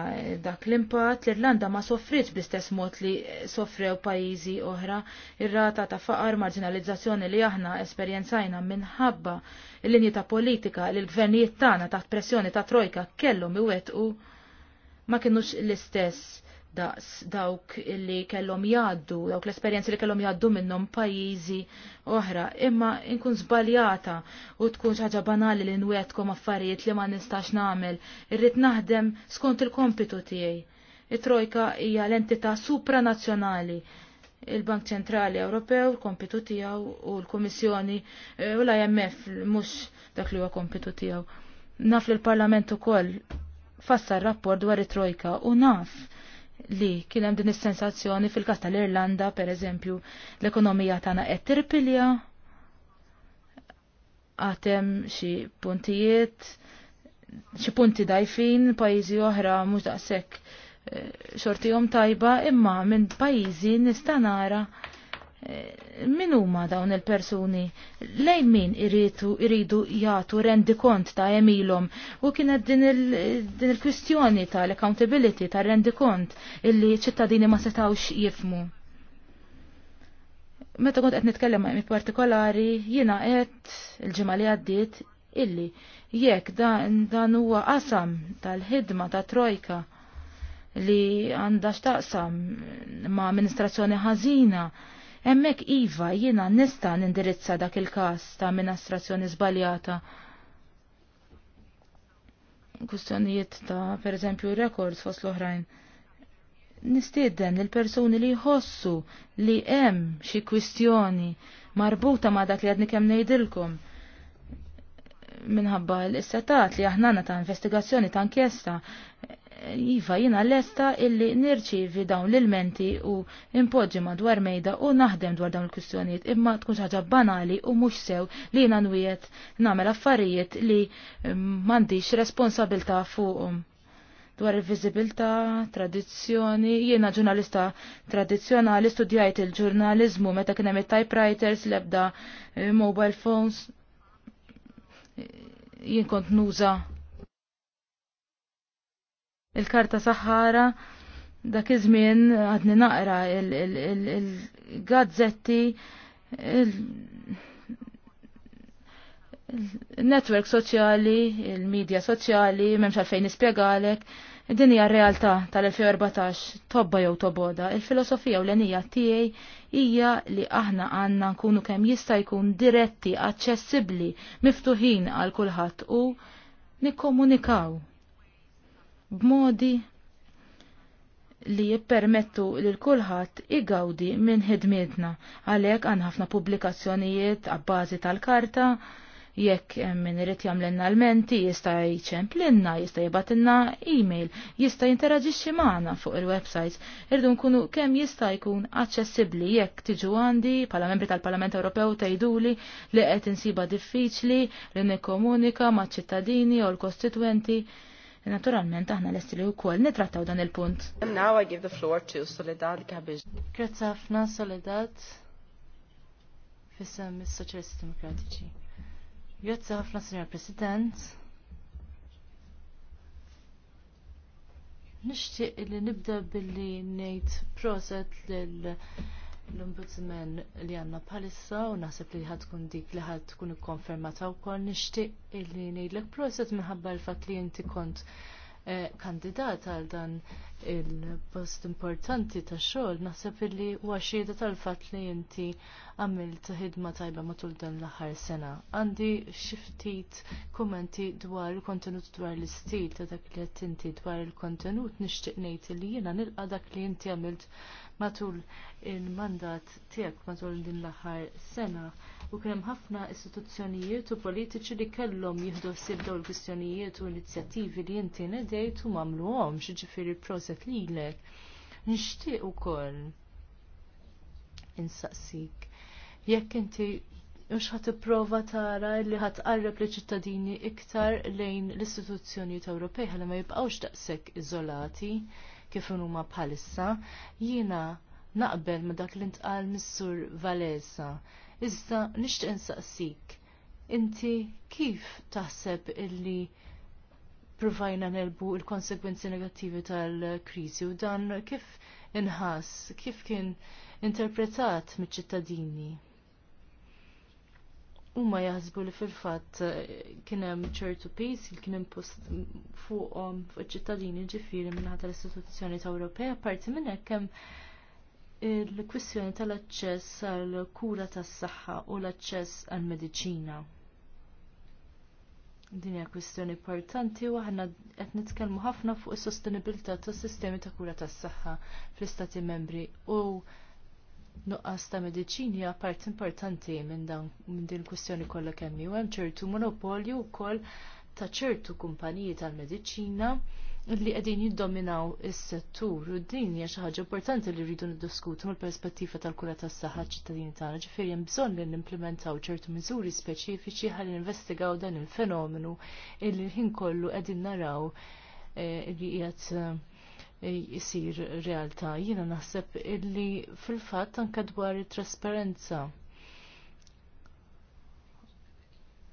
dak l-impat l-Irlanda ma soffriċ bl-istess mod li soffrew pajizi oħra. Ir-rata ta' faqar marginalizzazzjoni li aħna esperjenzajna minħabba l-linji ta' politika li l-gvernijiet tagħna taħt pressjoni ta' trojka kellhom iwettqu ma kienux l-istess daqs dawk li kellhom jgħaddu, dawk l-esperjenzi li kellhom jgħaddu minnhom pajjiżi oħra, imma inkun żbaljata u tkun xi ħaġa banali li nwetkom affarijiet li ma nistax nagħmel, irrid naħdem skont il-kompitu tiegħi. It-trojka hija l-entità supranazzjonali il-Bank Ċentrali Ewropew, il-kompitu tiegħu u l-Kummissjoni e, u l-IMF mhux dak li huwa kompitu tiegħu. Naf li l-Parlament ukoll fassar rapport dwar it-trojka u naf li kien hemm din is-sensazzjoni fil-każ tal-Irlanda, pereżempju, l-ekonomija tagħna qed tirpilja għatem xi puntijiet, xi punti dajfin, pajjiżi oħra mhux daqshekk eh, xortihom tajba imma minn pajjiżi nista' nara Eh, min huma dawn il-persuni? Lejn min iridu iridu jagħtu rendi kont ta' emilom u kienet din il-kwistjoni il kwistjoni tal accountability ta' rendi kont illi ċittadini ma setawx jifmu. Meta kont qed nitkellem ma' partikolari jiena qed il-ġimgħa li għaddiet illi jekk dan huwa qasam tal-ħidma ta' trojka li għandha x'taqsam ma' amministrazzjoni ħażina Emmek Iva jiena nista' nindirizza dak il-każ ta' amministrazzjoni żbaljata. Kustjonijiet ta' pereżempju records fost l-oħrajn. Nistieden il-persuni li jħossu li hemm xi kwistjoni marbuta ma' dak li għadni kemm ngħidilkom minħabba l-istatat li aħna ta' investigazzjoni ta' inkjesta Iva jina l-esta illi nirċivi dawn l-ilmenti u impoġġi madwar mejda u naħdem dwar dawn l kustjoniet imma tkun ħaġa banali u mhux sew li jina nwiet nagħmel affarijiet li mm, m'għandix responsabilta fuqhom. Dwar il-viżibilità, tradizzjoni, jiena ġurnalista tradizzjonali studjajt il-ġurnalizmu meta kien hemm typewriters l-ebda eh, mobile phones eh, jien kont nuża il-karta saħħara dak iż-żmien għadni naqra il-gazzetti il-network soċjali, il-medja soċjali, memx għalfejn nispjegalek, din hija r-realtà tal-2014 tobba jew toboda. Il-filosofija u l-enija tiegħi hija li aħna għandna nkunu kemm jista' jkun diretti, aċċessibbli, miftuħin għal kulħadd u nikkomunikaw b'modi li jippermettu li l-kulħadd igawdi minn ħidmietna għalhekk għan ħafna pubblikazzjonijiet għabbażi tal-karta jekk hemm min irid l almenti jista' jċemplinna, jista' e-mail, jista' jinteraġixxi magħna fuq il-websites. irdun nkunu kemm jista' jkun aċċessibbli jekk tiġu għandi bħala membri tal-Parlament Ewropew tgħiduli li qed insiba diffiċli li nikkomunika maċ-ċittadini u l-kostitwenti Naturalment aħna lesti li wkoll nitrattaw dan il-punt. And now I give the floor to Soledad Gabbage. Grazzi ħafna Soledad fissem is-Soċjalisti Demokratiċi. Grazzi ħafna Signor President. Nixtieq li nibda billi ngħid proset lil l-ombudsman li għanna palissa u naħseb li ħad tkun dik li ħad tkun ikkonfermata wkoll nixtieq illi ngħidlek proset minħabba l-fatt li inti kont eh, kandidat għal dan il-post importanti ta' xogħol naħseb li huwa xieda tal-fatt li inti għamilt ħidma tajba matul dan l-aħħar sena. Għandi xiftit kumenti dwar il-kontenut dwar l-istil ta' dak li qed inti dwar il-kontenut nixtieq ngħid li jiena nilqa' dak li inti għamilt matul il-mandat tiegħek matul din l-aħħar sena u kien hemm ħafna istituzzjonijiet u politiċi li kellhom jieħdu ssib l kwistjonijiet u inizjattivi li inti nedejt u m'għamluhomx, jiġifieri proset lilek. Nixtieq ukoll insaqsik jekk inti mhux ħadd prova tara li ħat qarreb li ċittadini iktar lejn l istituzzjonijiet Ewropej ħalli ma jibqgħux daqshekk iżolati kif huma bħalissa, jiena naqbel ma dak li ntqal Missur Valesa. Iżda nixtieq insaqsik, inti kif taħseb illi provajna nelbu il-konsekwenzi negattivi tal-krizi u dan kif inħass, kif kien interpretat miċ-ċittadini? huma jaħsbu li fil-fatt eh, kien hemm ċertu pis li kien post fuqhom fuq ċittadini ġifiri minna ta' l-istituzzjoni ta' Ewropea, parti minn hekk hemm il-kwistjoni eh, tal-aċċess għall kura tas-saħħa u l-aċċess għall mediċina Din hija kwistjoni importanti u aħna qed nitkellmu ħafna fuq is-sostenibilità tas-sistemi ta' kura tas-saħħa fl-istati membri u nuqqas ta' mediċini hija part importanti minn minn din kwistjoni kollha kemm hu hemm ċertu monopolju wkoll ta' ċertu kumpaniji tal-mediċina li qegħdin jiddominaw is-settur u din hija xi ħaġa importanti li rridu niddiskutu mill-perspettiva tal-kura tas-saħħa ċittadini tagħna, ġifieri hemm bżonn li nimplementaw ċertu miżuri speċifiċi ħalli investigaw dan il-fenomenu illi l-ħin kollu qegħdin naraw eh, li qiegħed eh, jisir realtà. Jiena naħseb illi fil-fatt anke dwar it-trasparenza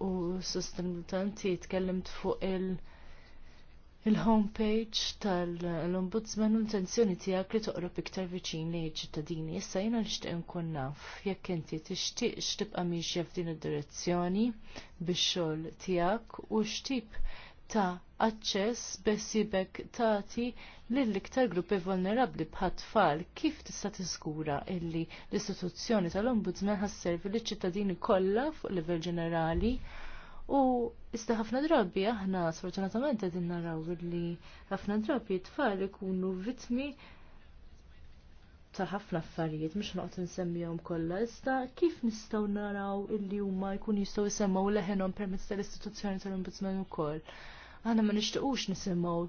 u sostenibilitanti tkellimt fuq il- il tal-ombudsman u intenzjoni tiegħek li toqrob iktar viċin li ċittadini. Issa jiena nixtieq nkun naf jekk inti tixtieq x'tibqa' mixja f'din id-direzzjoni bix-xogħol tiegħek u x'tip ta' aċċess besibek tati lill-iktar gruppi vulnerabli bħat-tfal kif tista' tiżgura illi l-istituzzjoni tal-Ombudsman ħasservi liċ-ċittadini kollha fuq livell ġenerali u iżda ħafna drabi aħna sfortunatament qegħdin naraw illi ħafna drabi t-tfal ikunu vittmi ta' ħafna affarijiet mhux noqgħod insemmihom kollha iżda kif nistgħu naraw illi huma jkunu jistgħu jsemmaw leħenhom permezz tal-istituzzjoni tal-Ombudsman ukoll. Għana ma nishtuqux nisimaw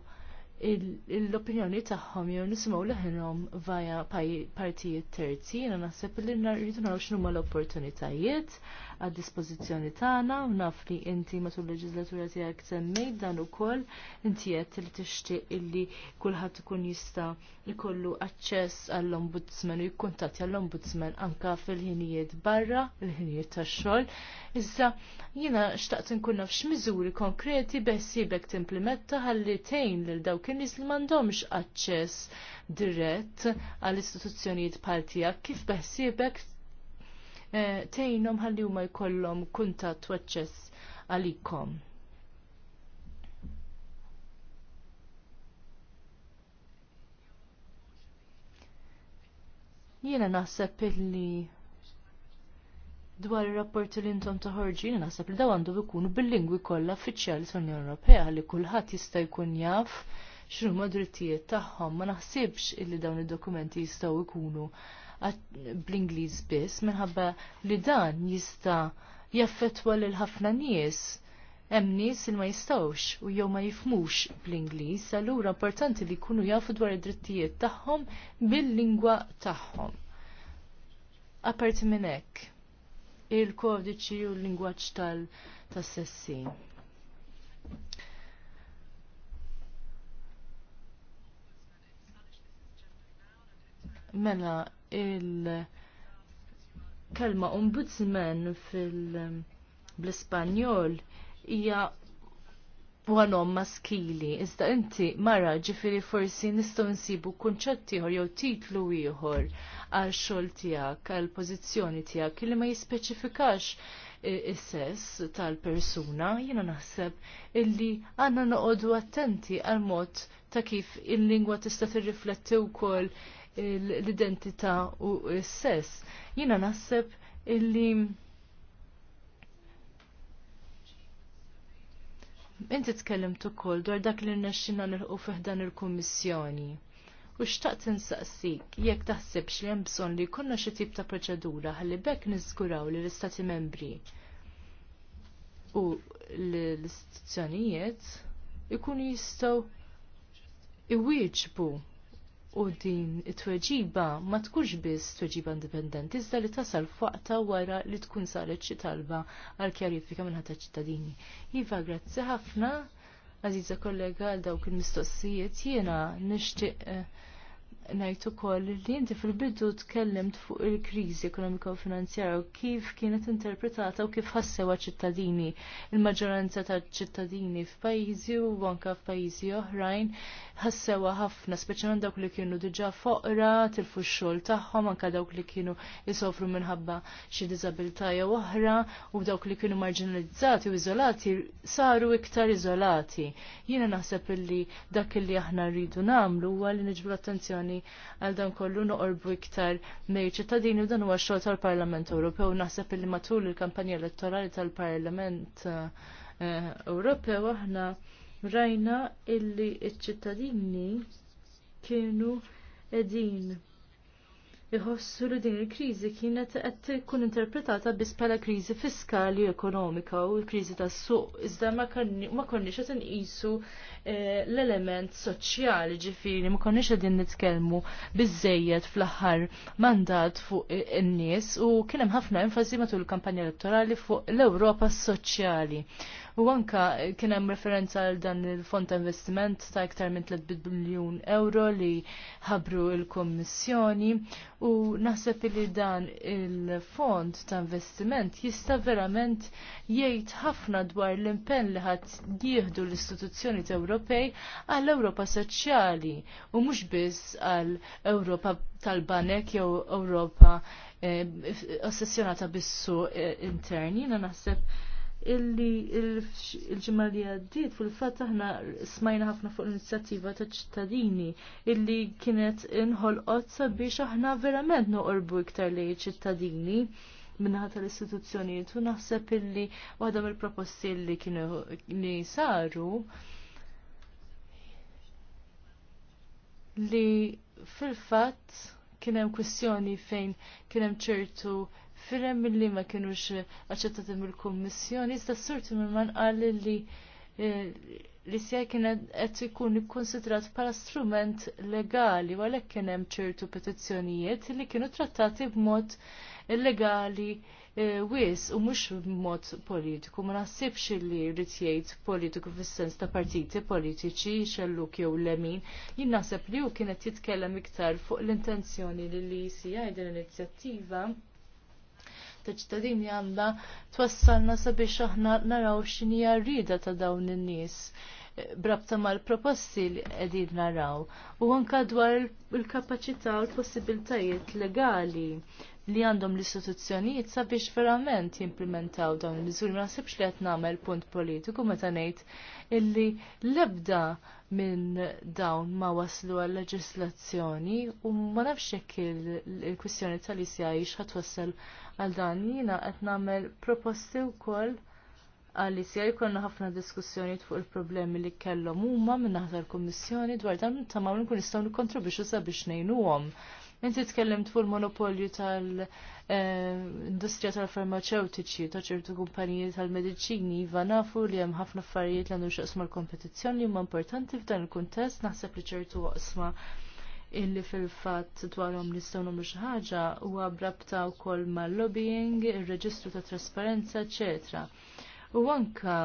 l-opinjoni tagħhom jew nisimgħu leħinhom vaja partijiet terzi, jiena naħseb li rridu naraw x'numa l-opportunitajiet għad dispożizzjoni tagħna u naf li inti matul leġislatura tiegħek semmejt dan ukoll inti qed li tixtieq illi kulħadd ikun jista' jkollu aċċess għall-ombudsman u jikkuntatti għall-ombudsman anka fil-ħinijiet barra, il-ħinijiet tax-xogħol. Issa jiena xtaqt nkun naf x'miżuri konkreti beħsibek timplimetta ħalli tgħin lil dawk in-nies li m'għandhomx aċċess dirett għall-istituzzjonijiet bħal tiegħek kif beħsiebek Eh, tejnom ħalli huma jkollhom kunta tweċċess għalikom. Jiena naħseb illi dwar ir-rapport li intom jiena naħseb li daw għandu ikunu bil-lingwi kollha uffiċjali tal-Unjoni Ewropea li kulħadd jista' jkun jaf x'huma drittijiet tagħhom ma naħsibx illi dawn id-dokumenti jistgħu jkunu bl-Ingliż biss minħabba li dan jista' jaffettwa lil ħafna nies hemm nies il ma jistgħux u jew ma jifmux bl-Ingliż, allura importanti li jkunu jafu dwar id-drittijiet tagħhom bil-lingwa tagħhom. Aparti minn hekk, il-kodiċi u l-lingwaġġ tal-sessin. Mela, il-kelma ombudsman fil-Bl-Ispanjol um, hija għalom maskili, iżda inti mara ġifiri forsi nistaw nsibu kunċetti ieħor jew titlu ieħor għal xogħol tiegħek, għal pożizzjoni tiegħek li ma jispeċifikax e, is-sess tal-persuna, jiena naħseb illi għandna noqogħdu attenti għal mod ta' kif il-lingwa tista' tirrifletti wkoll l-identità u s-sess. Jina naħseb illi Inti tkellimt ukoll dwar dak li rnexxina nilqu fiħdan il-Kummissjoni. U xtaqt insaqsik jekk taħsibx li hemm bżonn li jkollna xi tip ta' proċedura ħalli bekk niżguraw li l-Istati Membri u l-istituzzjonijiet ikunu jistgħu iwieġbu u din it-tweġiba ma tkunx biss tweġiba indipendenti, iżda li tasal f'waqta wara li tkun saret xi talba għal kjarifika minn minħata ċittadini. Iva, grazzi ħafna, għaziza kollega għal dawk il-mistoqsijiet, jiena nixtieq eh, ngħid ukoll li inti fil-bidu tkellimt fuq il-kriżi ekonomika u finanzjarja u kif kienet interpretata u kif ħassewa ċittadini. Il-maġġoranza ta' ċittadini f'pajjiżi u anke f'pajjiżi oħrajn ħassewa ħafna, speċjalment dawk li kienu diġà foqra, tilfu x-xogħol tagħhom, anke dawk li kienu jisofru minħabba xi diżabilità jew oħra u dawk li kienu marginalizzati u iżolati saru iktar iżolati. Jiena naħseb illi dak illi aħna rridu nagħmlu huwa li niġbru attenzjoni għal dan kollu noqorbu iktar mej ċittadini u dan huwa xogħol tal-Parlament Ewropew naħseb li matul il-kampanja elettorali tal-Parlament eh, Ewropew aħna rajna illi ċ-ċittadini kienu qegħdin iħossu li din il-kriżi kienet qed tkun interpretata biss bħala kriżi fiskali u ekonomika u l-kriżi tas-suq iżda ma konniex qed inqisu eh, l-element soċjali ġifieri ma konniex qegħdin nitkellmu biżejjed fl-aħħar mandat fuq in-nies u kien hemm ħafna enfasi matul il-kampanja elettorali fuq l-Ewropa soċjali. U anka kien hemm referenza għal dan il-fond ta' investiment ta' iktar minn 3 biljun euro li ħabru il-Kommissjoni u naħseb li dan il-fond ta' investiment jista' verament jgħid ħafna dwar l-impenn li ħadd jieħdu l-istituzzjoni Ewropej għall Ewropa soċjali u mhux biss għal Ewropa tal-banek jew Ewropa eh, ossessjonata bis-suq eh, interni, Jiena naħseb illi il ġimalija li għaddiet fil-fatt aħna smajna ħafna fuq l-inizjattiva ta' ċittadini illi kienet qozza biex aħna verament noqorbu iktar li ċittadini minnaħat tal-istituzzjonijiet u naħseb illi waħda mill-proposti li kienu li saru li fil-fatt kien hemm kwistjoni fejn kien hemm ċertu firem milli ma kienux aċċettati mill-Kummissjoni, iżda s-sur minn qal li eh, li sija kien qed ikun ikkonsidrat bħala strument legali u għalhekk kien hemm ċertu petizzjonijiet li kienu trattati b'mod illegali eh, wis u mhux b'mod politiku. Ma naħsibx li rrid jgħid politiku fis-sens ta' partiti politiċi xelluk jew lemin. Jien naħseb li hu kienet jitkellem iktar fuq l-intenzjoni li li sija din l-inizjattiva ta' ċittadini għandha twassalna sabiex aħna naraw xini rrida ta' dawn in-nies eh, brabta mal-proposti li qegħdin naraw u anke dwar il-kapaċità u l-possibiltajiet legali li għandhom l-istituzzjonijiet sabiex verament jimplementaw dawn il-miżuri. Ma nasibx li qed nagħmel punt politiku meta ngħid illi l-ebda minn dawn ma waslu għal leġislazzjoni u ma nafx hekk il-kwistjoni tal jiex għat wassal għal dan jina qed nagħmel proposti wkoll għal-isja jkollna ħafna diskussjoni fuq il-problemi li kellhom huma ma minnaħdar kummissjoni dwar dan tamaw nkun nistgħu kontribuċu sabiex ngħinuhom Inti tkellimt fuq il-monopolju tal-industrija tal-farmaceutiċi ta' ċertu kumpaniji tal-mediċini iva nafu li hemm ħafna affarijiet li għandu x'qsma l-kompetizzjoni huma importanti f'dan il-kuntest naħseb li ċertu waqsma illi fil-fat dwarhom nistgħu nagħmlu xi ħaġa huwa brabta wkoll mal-lobbying, ir-reġistru ta' trasparenza, eċetera. U anka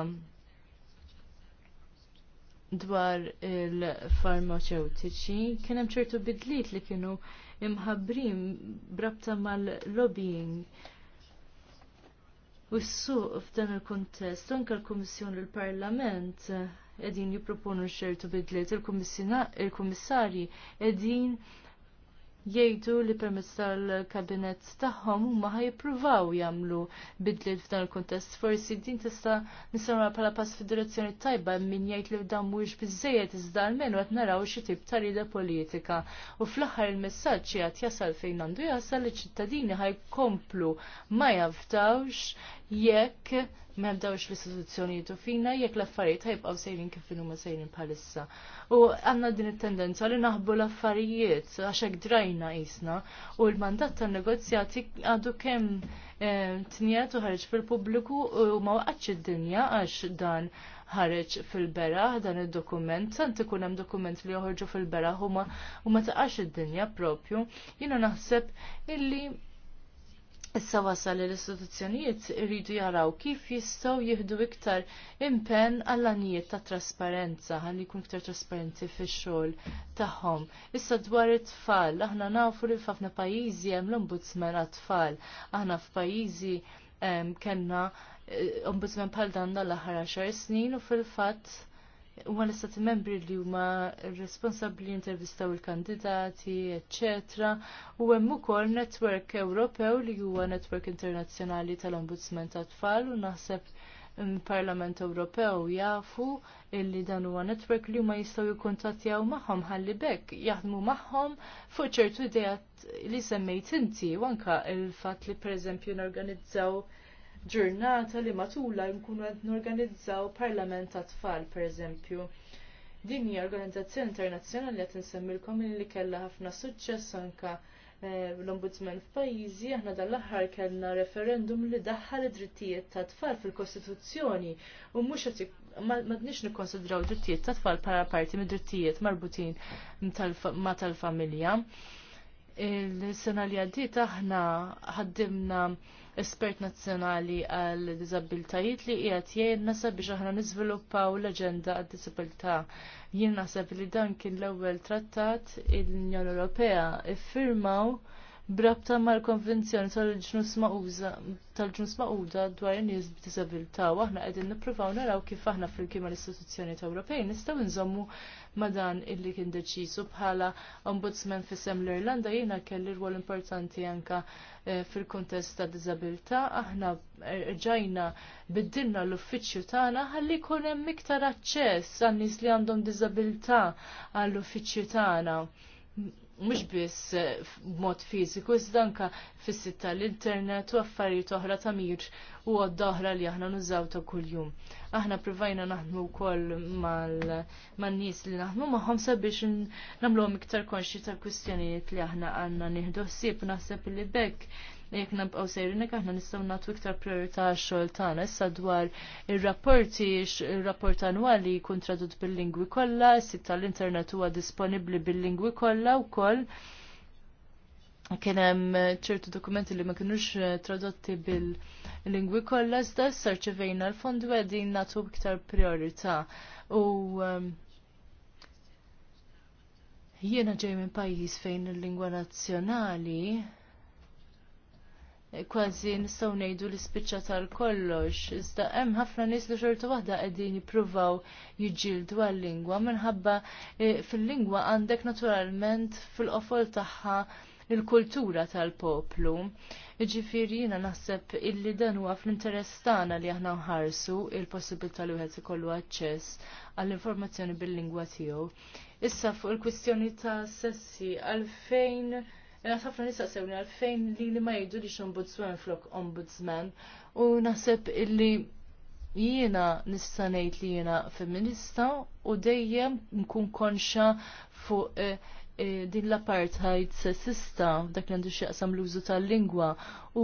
dwar il-farmaceutiċi kien hemm ċertu bidliet li kienu imħabbrin brabta mal-lobbying. U s-suq f'dan il-kontest, anke l-Kummissjoni l parlament qegħdin jipproponu xertu bidliet il-Kummissarji qegħdin jgħidu li permezz tal-kabinet tagħhom huma ħajjippruvaw jagħmlu bidliet f'dan il-kuntest. Forsi din tista' nisimra bħala pass fid-direzzjoni tajba min jgħid li dan mhuwiex biżejjed iżda l-menu qed naraw xi tip ta' politika. U fl-aħħar il-messaġġ qiegħed jasal fejn għandu jasal li ċittadini ħajkomplu ma jaftawx jekk m'hemmx l-istituzzjonijiet u fina jekk l-affarijiet ħajbqgħu sejrin kif huma sejrin bħalissa. U għandna din it-tendenza li naħbu l-affarijiet għax hekk drajna qisna u l-mandat tan-negozjati għadu kemm eh, tniet u ħareġ fil-pubbliku u ma waqgħatx id-dinja għax dan ħareġ fil-beraħ dan id-dokument, sant ikun hemm dokument li joħorġu fil-beraħ u ma taqax id-dinja propju. Jiena naħseb illi Issa wasal li l-istituzzjonijiet rridu jaraw kif jistgħu jieħdu iktar impenn għall-anijiet ta' trasparenza, ħalli jkun iktar trasparenti fix-xogħol tagħhom. Issa dwar it-tfal, aħna nafu li f'ħafna pajjiżi hemm l-ombudsman għat-tfal, aħna f'pajjiżi kellna eh, ombudsman bħal dan l-aħħar 10 snin u fil-fatt u għan istati membri li huma responsabli intervistaw il-kandidati, etc. U hemm ukoll netwerk Ewropew li huwa netwerk internazzjonali tal-Ombudsman ta' tfal u naħseb um, Parlament Ewropew jafu illi dan huwa netwerk li huma jistgħu jikkuntattjaw magħhom ħalli bekk jaħdmu magħhom fuq ċertu idejat li semmejt inti u anka il-fatt li pereżempju norganizzaw organizzaw ġurnata li matula nkunu qed norganizzaw parlament ta' tfal pereżempju. Din hija organizzazzjoni internazzjonali qed insemmilkom li kellha ħafna suċċess anke eh, l-ombudsman f'pajjiżi aħna dal-aħħar kellna referendum li daħħal id-drittijiet ta' tfal fil-Kostituzzjoni u mhux qed m'għadniex nikkonsidraw drittijiet ta' tfal bħala parti mid-drittijiet marbutin ma' tal-familja. Il-sena li għaddit aħna ħaddimna espert nazzjonali għal dizabiltajiet li qiegħed jgħinna sabiex aħna niżviluppaw l-aġenda għad disabilità. Jien naħseb li dan kien l-ewwel trattat il-Unjoni Ewropea iffirmaw brabta mal-konvenzjoni tal-ġnus ma'uża tal-ġnus ma'uda dwar in-nies b'diżabilità u aħna qegħdin nippruvaw naraw kif aħna fil-kima l-istituzzjoni ta' Ewropej nistgħu nżommu ma' dan illi kien deċiżu bħala ombudsman fis-sem l-Irlanda jiena kelli rwol importanti anka eh, fil-kuntest ta' diżabilità aħna rġajna biddilna l-uffiċċju tagħna ħalli jkun hemm iktar aċċess għan-nies li għandhom diżabilità għall-uffiċċju tagħna mhux biss b'mod eh, fiziku iżda anke l tal-internet u affarijiet oħra ta' mir u għodda oħra li aħna nużaw ta' kuljum. Aħna provajna naħdmu wkoll man-nies li naħdmu magħhom sabiex nagħmluhom iktar konxi tal-kwistjonijiet li aħna għandna s-sib naħseb li bekk jekk nabqaw sejrinek aħna nistgħu natu iktar priorità għax-xogħol tagħna issa dwar ir-rapporti ir-rapport annwali jkun tradut bil-lingwi kollha, sit tal-internet huwa disponibbli bil-lingwi kollha wkoll koll. hemm ċertu dokumenti li ma kinux tradotti bil-lingwi kollha iżda sarċevejna l fondu għedin nagħtu iktar priorità. U um, jiena ġej minn pajjiż fejn il-lingwa nazzjonali kważi nistgħu ngħidu l ispiċċa tal-kollox. Iżda hemm ħafna nies li xorta waħda qegħdin jippruvaw jiġġieldu għal-lingwa minħabba e, fil-lingwa għandek naturalment fil-qofol tagħha il-kultura tal-poplu. Ġifiri jina naħseb illi dan huwa fl-interess tagħna li aħna nħarsu il-possibilità li wieħed ikollu aċċess għall-informazzjoni bil-lingwa tiegħu. Issa fuq il-kwistjoni ta' sessi għalfejn ħafna nistaqsewni għalfejn li li ma jgħidu li ombudsman flok ombudsman u naħseb illi jiena nista' ngħid li jiena feminista u dejjem nkun konxa fuq eh, eh, din l-apartheid sessista dak li għandu xieqsam l-użu tal-lingwa u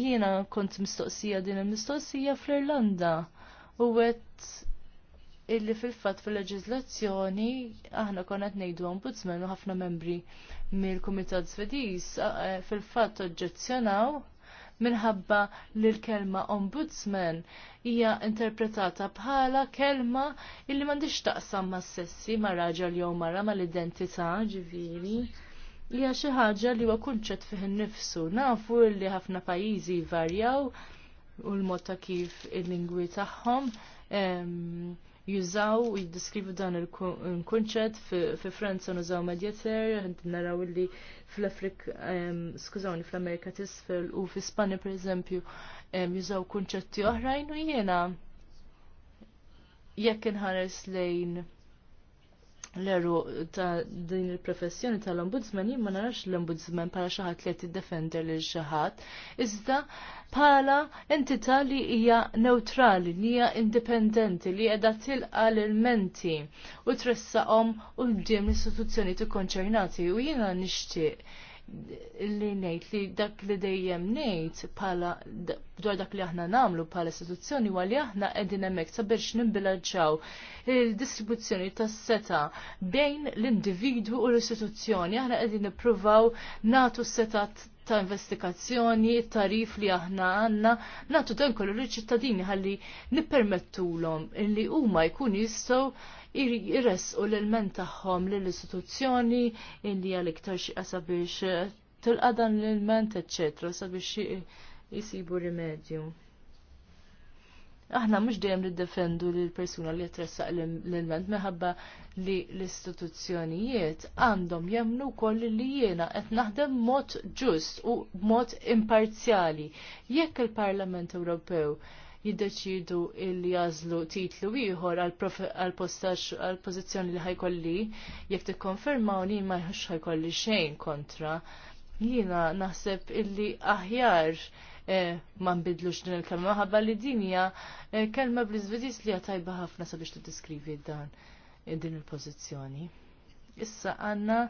jiena kont mistoqsija din il-mistoqsija fl-Irlanda u għet illi fil-fat fil-leġizlazzjoni aħna konet nejdu ombudsman u ħafna membri mill-Kumitat Svediż fil-fat oġġezzjonaw minħabba li l-kelma ombudsman hija interpretata bħala kelma illi m'għandix taqsam ma' sessi ma' raġel jew mara ma' l-identità ġifieri. Hija xi ħaġa li huwa kunċett fih innifsu. Nafu li ħafna pajjiżi jvarjaw u l-mod ta' kif il-lingwi tagħhom ehm, jużaw u jiddiskrivu dan il-kunċett fi Franza nużaw medjeter, għand naraw li fl-Afrik, skużawni, fl-Amerika tisfel u fi Spanja per eżempju jużaw kunċetti oħrajn u jena jekk inħares lejn l-eru ta' din il-professjoni tal-ombudsman jien ma narax l-ombudsman bħala xi ħadd li qed defender lil xi ħadd, iżda bħala entita' li hija neutrali, li hija indipendenti, li qiegħda tilqa l-menti u tressaqhom quddiem l-istituzzjoni konċernati u jiena nixtieq li ngħid li dak li dejjem ngħid pala dwar dak li aħna nagħmlu bħala istituzzjoni huwa li aħna qegħdin hemmhekk sabiex nimbilanċaw il-distribuzzjoni tas-seta bejn l-individwu u l-istituzzjoni. Aħna qegħdin nippruvaw nagħtu seta ta' investigazzjoni, tarif li aħna għanna, natu dan kollu li ċittadini ħalli nippermettulhom li huma jkun jistgħu jirresqu l-ilment tagħhom lill-istituzzjoni illi għal iktar xieqasa biex eh, tilqa dan l-ilment, eċċetra, sabiex jisibu rimedju. Aħna mhux dejjem niddefendu lill persuna li jatressa l-ilment minħabba li l-istituzzjonijiet għandhom jemnu koll li jiena qed naħdem mod ġust u mod imparzjali. Jekk il-Parlament Ewropew jiddeċidu illi jazlu titlu ieħor għal postax għal pożizzjoni li ħajkolli jekk tikkonfermawni ma ħajkolli xejn kontra. Jiena naħseb illi aħjar eh, ma nbidlux din il-kelma ħabba li din hija eh, kelma bl-Iżvedis li tajba ħafna sabiex tiddiskrivi dan eh, din il-pożizzjoni. Issa għandna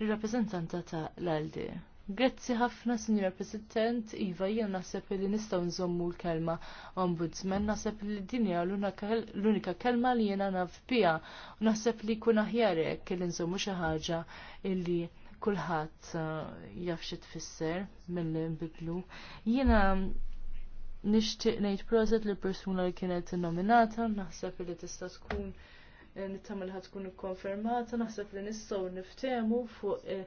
il-rappreżentanta ta' l-Aldi. Grazzi ħafna, Signora President, Iva, jien naħseb li nistgħu nżommu l-kelma Ombudsman, naħseb li din hija l-unika kelma li jiena naf bija, u naħseb li jkun aħjar hekk li nżommu xi ħaġa illi kulħadd uh, jafxit tfisser mill-bidlu. Jiena nixtieq ngħid prożet li persuna li kienet nominata, naħseb li tista' tkun eh, nittamel tkun ikkonfermata, naħseb li nistgħu niftehmu fuq eh,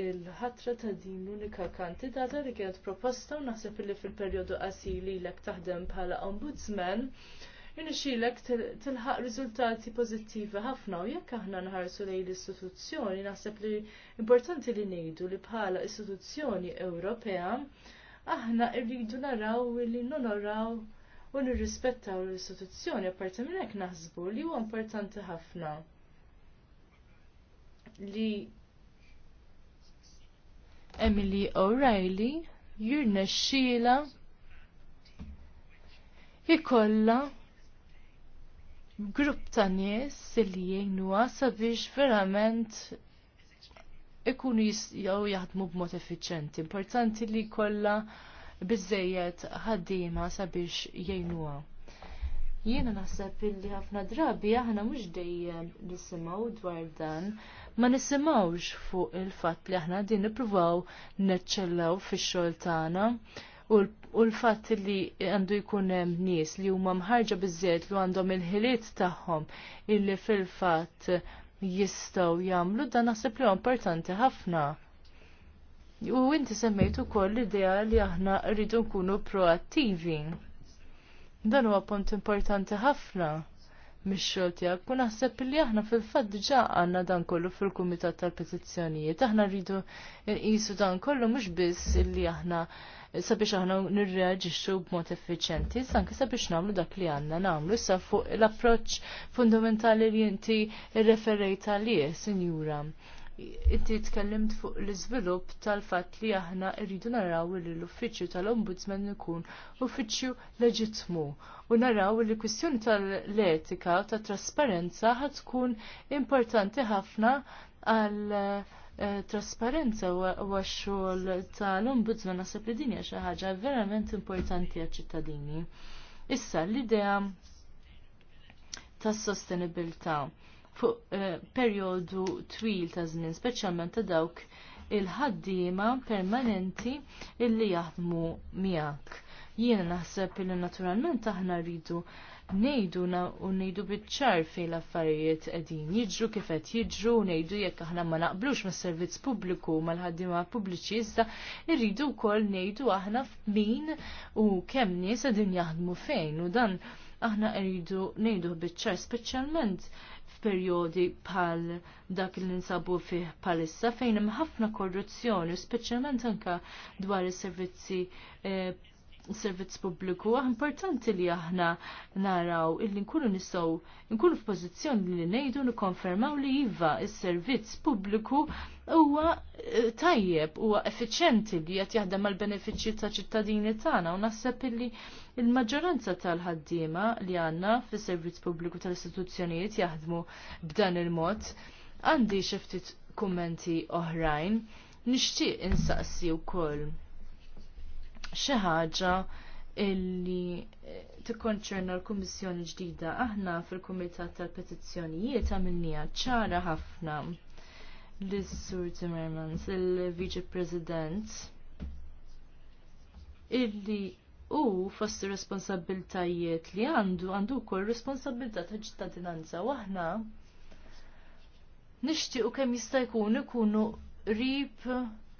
il-ħatra ta' din l-unika kandidata li kienet proposta u naħseb li fil-perjodu qasili lek taħdem bħala ombudsman jirnexilek tilħaq riżultati pożittivi ħafna u jekk aħna nħarsu lejn l-istituzzjoni naħseb li importanti li ngħidu li bħala istituzzjoni Ewropea aħna rridu naraw li nonoraw u nirrispettaw l-istituzzjoni apparti minn hekk naħsbu li huwa importanti ħafna li Emily O'Reilly Jurna xila jikolla grupp ta' nies li jgħinuha sabiex verament ikunu jistgħu jaħdmu b'mod effiċenti. Importanti li kollha biżejjed ħaddiema sabiex jgħinuha. Jiena naħseb illi ħafna drabi aħna mhux dejjem nisimgħu dwar dan ma nisimawx fuq il-fatt li aħna din nipruvaw neċċellaw fix-xogħol tagħna u l fat li għandu jkun hemm nies li huma mħarġa biżżejjed li għandhom il-ħiliet tagħhom illi fil-fatt jistgħu jagħmlu dan naħseb li importanti ħafna. U inti semmejt ukoll l-idea li aħna rridu nkunu proattivi. Dan huwa punt importanti ħafna mix-xogħol tiegħek u naħseb li aħna fil-fatt diġà għandna dan kollu fil-Kumitat tal-Petizzjonijiet. Aħna rridu nqisu dan kollu mhux biss li aħna sabiex aħna nirreaġixxu b'mod effiċenti, anke sabiex nagħmlu dak li għandna nagħmlu issa fuq l-approċċ fundamentali li inti rreferejt għalih, Sinjura inti tkellimt fuq l-iżvilupp tal-fatt li aħna rridu naraw li l-uffiċċju tal-Ombudsman ikun uffiċċju leġitmu u naraw li kwistjoni tal-etika u tat-trasparenza ħadd tkun importanti ħafna għal eh, trasparenza u għax-xogħol tal-Ombudsman naħseb li din hija xi ħaġa verament importanti għaċ-ċittadini. Issa l-idea tas-sostenibilità fuq eh, perjodu twil ta' żmien, speċjalment ta' dawk il-ħaddiema permanenti illi jaħdmu miegħek. Jiena naħseb li naturalment aħna rridu nejdu u nejdu bitċar fej l-affarijiet edin jiġru kifet jiġru u nejdu jekk aħna ma naqblux ma servizz pubbliku ma l-ħaddima pubbliċi iżda irridu kol nejdu aħna min u kemm nies edin jaħdmu fejn u dan aħna irridu nejdu bitċar speċjalment f'perjodi pal dak li nsabu fih bħalissa fejn hemm ħafna korruzzjoni, speċjalment anke dwar is-servizzi eh, servizz pubbliku, importanti li aħna naraw illi nkunu nistaw, nkunu f'pożizzjoni li ngħidu nikkonfermaw li iva s servizz pubbliku huwa eh, tajjeb, huwa effiċjenti li qed jaħdem mal benefiċċji ta' ċittadini tagħna u naħseb illi il-maġġoranza tal-ħaddiema li għandna fis-servizz pubbliku tal-istituzzjonijiet jaħdmu b'dan il-mod. Għandi xi ftit kummenti oħrajn, nixtieq insaqsi wkoll xi ħaġa illi eh, tikkonċerna l-Kummissjoni ġdida aħna fil-Kumitat tal-Petizzjonijiet għamilnija ċara ħafna l-Sur Timmermans, il-Viċi President, illi u fost responsabiltajiet li għandu għandu kol responsabilta ta' ċittadinanza u aħna nishtiqu kemm jista' jkun ikunu rib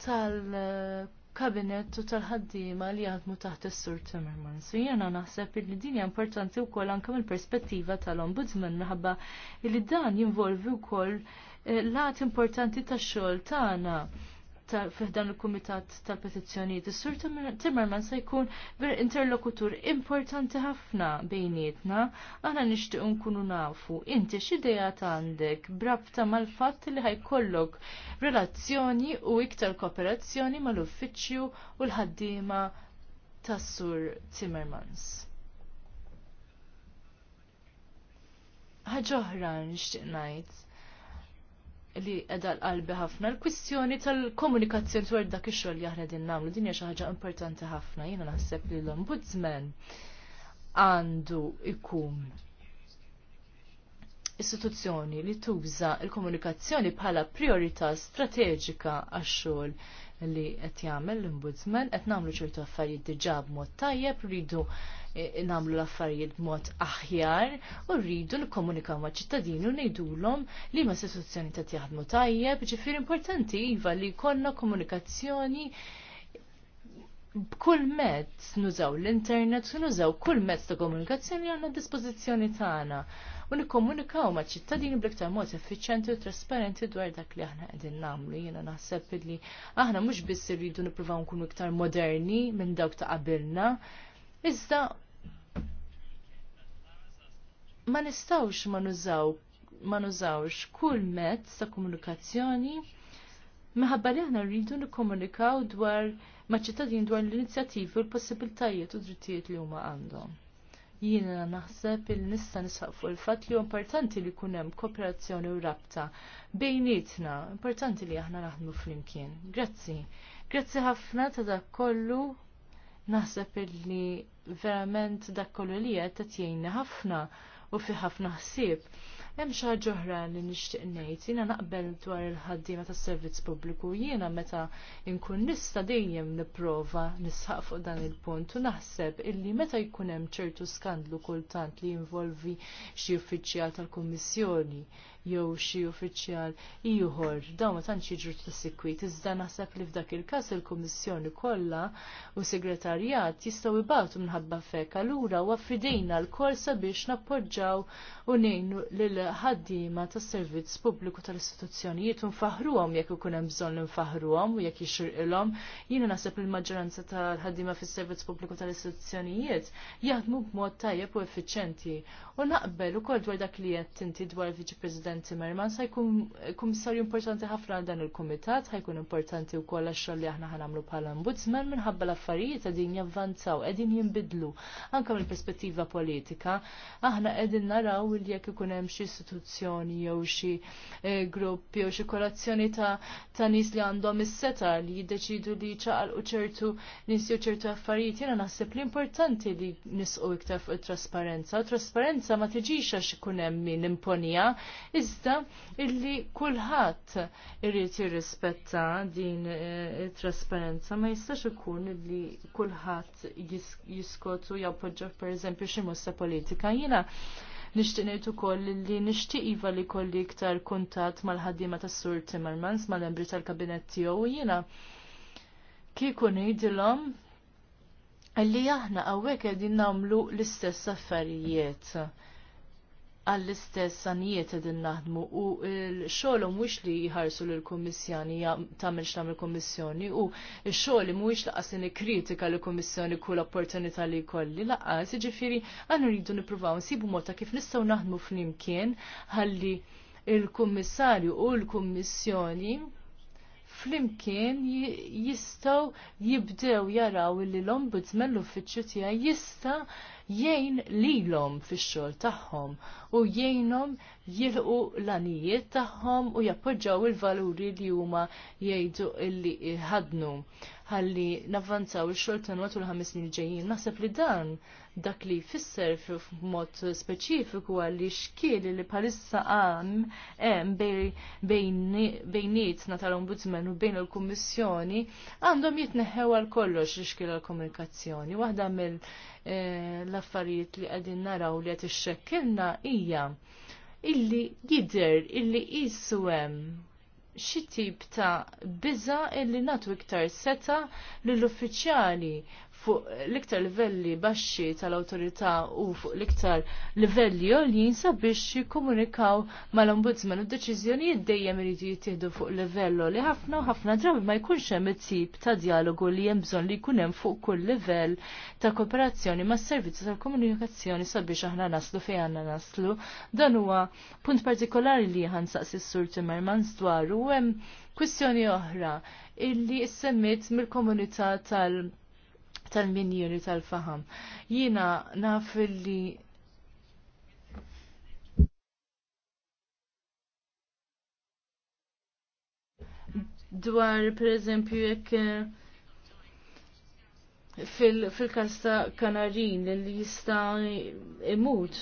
tal kabinet u tal-ħaddiema li jaħdmu taħt is-Sur Timmermans. U jiena naħseb li din hija importanti wkoll anke mill-perspettiva tal-Ombudsman minħabba li dan jinvolvi wkoll eh, l-għat importanti tax-xogħol tagħna fiħdan il-Kumitat tal-Petizzjonijiet. Is-Sur Timmerman se jkun ver interlokutur importanti ħafna bejnietna, aħna nixtiequ nkunu nafu. Inti x'idejat għandek brabta mal-fatt li ħajkollok relazzjoni u iktar kooperazzjoni mal-uffiċċju u l-ħaddiema tas-Sur Timmermans. Ħaġa oħra nixtieq ngħid li edha l-qalbi ħafna. L-kwistjoni tal-komunikazzjoni dwar dak ix-xogħol li aħna din nagħmlu din hija xi ħaġa importanti ħafna. Jiena naħseb li l-ombudsman għandu ikum istituzzjoni li tuża l komunikazzjoni bħala priorità strateġika għax-xogħol li qed jagħmel l-Ombudsman qed nagħmlu ċertu affarijiet diġà b'mod tajjeb, rridu eh, nagħmlu l-affarijiet b'mod aħjar u rridu nikkomunikaw maċ ċittadini u ngħidulhom li ma' sitwazzjoni qed jaħdmu tajjeb, ġifier importanti iva li jkollna komunikazzjoni b'kull mezz nużaw l-internet u nużaw kull mezz ta' komunikazzjoni għandna dispożizzjoni tagħna u nikkomunikaw ma' ċittadini bliktar mod effiċenti u trasparenti dwar dak li aħna qegħdin nagħmlu. Jiena naħseb li aħna mhux biss irridu nippruvaw nkunu iktar moderni minn dawk ta' qabilna, iżda ma nistawx ma nużaw ma nużawx kull mezz ta' komunikazzjoni Meħabba li aħna rridu nikkomunikaw dwar maċ-ċittadin dwar l-inizjattivi u l-possibiltajiet u drittijiet li huma għandhom. Jiena naħseb il nista nisħaq fuq il-fatt li importanti li jkun hemm kooperazzjoni u rabta bejnietna, importanti li aħna naħdmu flimkien. Grazzi. Grazzi ħafna ta' dak kollu naħseb li verament dak kollu li qed ħafna u fi ħafna ħsieb. Hemm xi ħaġa oħra li nixtieq ngħid, jiena naqbel dwar il-ħaddiema tas-servizz pubbliku, jiena meta nkun nista' dejjem nipprova nisħaq fuq dan il-punt u naħseb illi meta jkun hemm ċertu skandlu kultant li jinvolvi xi uffiċjal tal-Kummissjoni jew xi uffiċjal ieħor. Dawn ma tantx jiġru tas-sikwit, iżda naħseb li f'dak il-każ il-Kummissjoni kollha u segretarjat jistgħu jibgħatu minħabba fek allura u affidejna l-kol sabiex nappoġġaw u ngħinu lil ħaddiema tas-servizz pubbliku tal-istituzzjonijiet u nfaħruhom jekk ikun hemm bżonn nfaħruhom u jekk jixirqilhom. Jiena naħseb il-maġġoranza tal-ħaddiema fis-servizz pubbliku tal-istituzzjonijiet jaħdmu b'mod tajjeb u effiċjenti. U naqbel ukoll dwar dak li qed inti dwar il-Viċi President Christian Timmermans ħajkun eh, kummissarju importanti ħafna għal dan il-kumitat, ħajkun importanti wkoll għax li aħna ħanamlu bħala ombudsman minħabba l-affarijiet qegħdin javvanzaw, qegħdin jinbidlu anke mill-perspettiva politika. Aħna qegħdin naraw li jekk ikun hemm xi istituzzjoni jew xi eh, gruppi jew xi kolazzjoni ta' ta' li għandhom is-seta li jiddeċidu li u ċertu nis jew ċertu affarijiet, jiena naħseb li importanti li nisqu iktar fuq it-trasparenza. Trasparenza ma tiġix għax ikun hemm min imponija, iżda illi kulħadd irid jirrispetta din eh, it-trasparenza ma jistax ikun illi kulħadd jiskotu jappoġġa pereżempju xi mossa politika. Jiena nixtieq ngħid ukoll li nixtieq iva li kolli iktar kuntatt mal-ħaddiema tas-Sur Timmermans mal-membri tal-kabinett tiegħu jiena kieku ngħidilhom li aħna hawnhekk qegħdin nagħmlu l-istess affarijiet għall-istess sanijiet din naħdmu u l xogħol mhuwiex li jħarsu l-Komissjoni tamil xtam l-Komissjoni u l mhuwiex mux laqasini kritika l-Komissjoni kull opportunità li kolli laqas ġifiri għannu rridu insibu nsibu mota kif nistaw naħdmu fl-imkien għalli il u l-Komissjoni flimkien jistaw jibdew jaraw li l-ombudsman l-uffiċċju tiegħi jista' jgħin lilhom fix-xogħol tagħhom u jgħinhom jilqu l-anijiet tagħhom u jappoġġaw il-valuri li huma jgħidu li ħadnu ħalli navvanzaw il-xol tan għatu l-ħames snin ġejjin. Naħseb li dan dak li fisser f'mod speċifiku għalli xkieli li palissa għam hemm bejnietna tal-Ombudsman u bejn il-Kummissjoni għandhom jitneħħew għal kollox li xkiel għal-komunikazzjoni. Waħda mill-affarijiet eh, li għadin naraw li għat ixxekkilna hija illi jidher illi jiswem xi tip ta' biża illi natu iktar seta lill uffiċjali fuq l-iktar livelli baxxi tal-autorità u fuq l-iktar livelli għoljin sabiex jikkomunikaw mal-ombudsman u d-deċiżjonijiet dejjem iridu jittieħdu fuq livello li ħafna u ħafna drabi ma jkunx hemm it-tip ta' dialogu li hemm bżonn li jkun hemm fuq kull livell ta' kooperazzjoni mas servizzi tal-komunikazzjoni sabiex aħna naslu fejn għandna naslu. Dan huwa punt partikolari li ħansaqs s sur Timmermans dwar u hemm kwistjoni oħra illi issemmit mill-komunità tal- tal-minjeri tal-faham. Jina naf li dwar per eżempju jekk eh, fil kasta ta' kanarin li jista' imut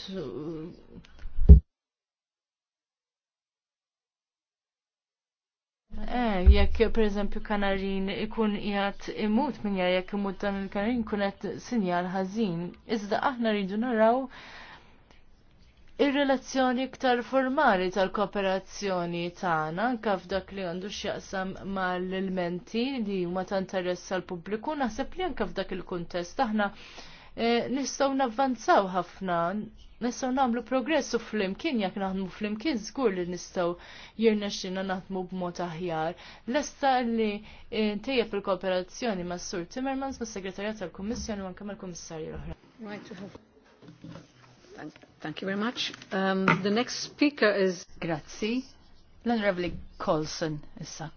Eh, jekk per eżempju kanarin ikun jgħat imut minn jekk imut dan il-kanarin qed sinjal ħażin. Iżda aħna rridu naraw Ir-relazzjoni iktar formali tal-kooperazzjoni tagħna anke f'dak li għandu x'jaqsam mal-elementi li huma ta' interess għall pubbliku naħseb li anke f'dak il-kuntest aħna Eh, nistgħu navvanzaw ħafna, nistgħu nagħmlu progressu fl flimkien jekk naħdmu flimkien żgur li nistgħu jirna xina naħdmu b'mod aħjar. Lesta li eh, tejjeb il-kooperazzjoni mas Sur Timmermans mas segretarjat tal-Kummissjoni u anke mal-Kummissarju l-oħra. Thank you very much. Um, the next speaker is... Grazzi. L-Honorable Colson, issa.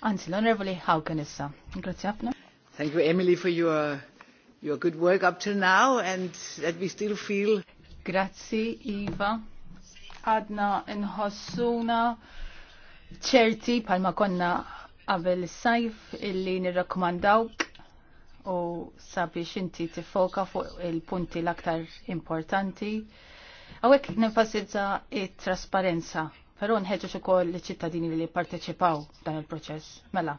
Anzi, l-Onorevoli Hawken issa. Grazie ħafna. Thank you, Emily, for your, your good work up till now and that we still feel. Grazzi, Iva. Għadna nħossuna ċerti palma konna qabel sajf illi nirrakkomandawk u sabiex inti tifoka fuq il-punti l-aktar importanti. Għawek nifasidza it-trasparenza Pero nħedġu ukoll li ċittadini li parteċipaw dan il-proċess. Mela,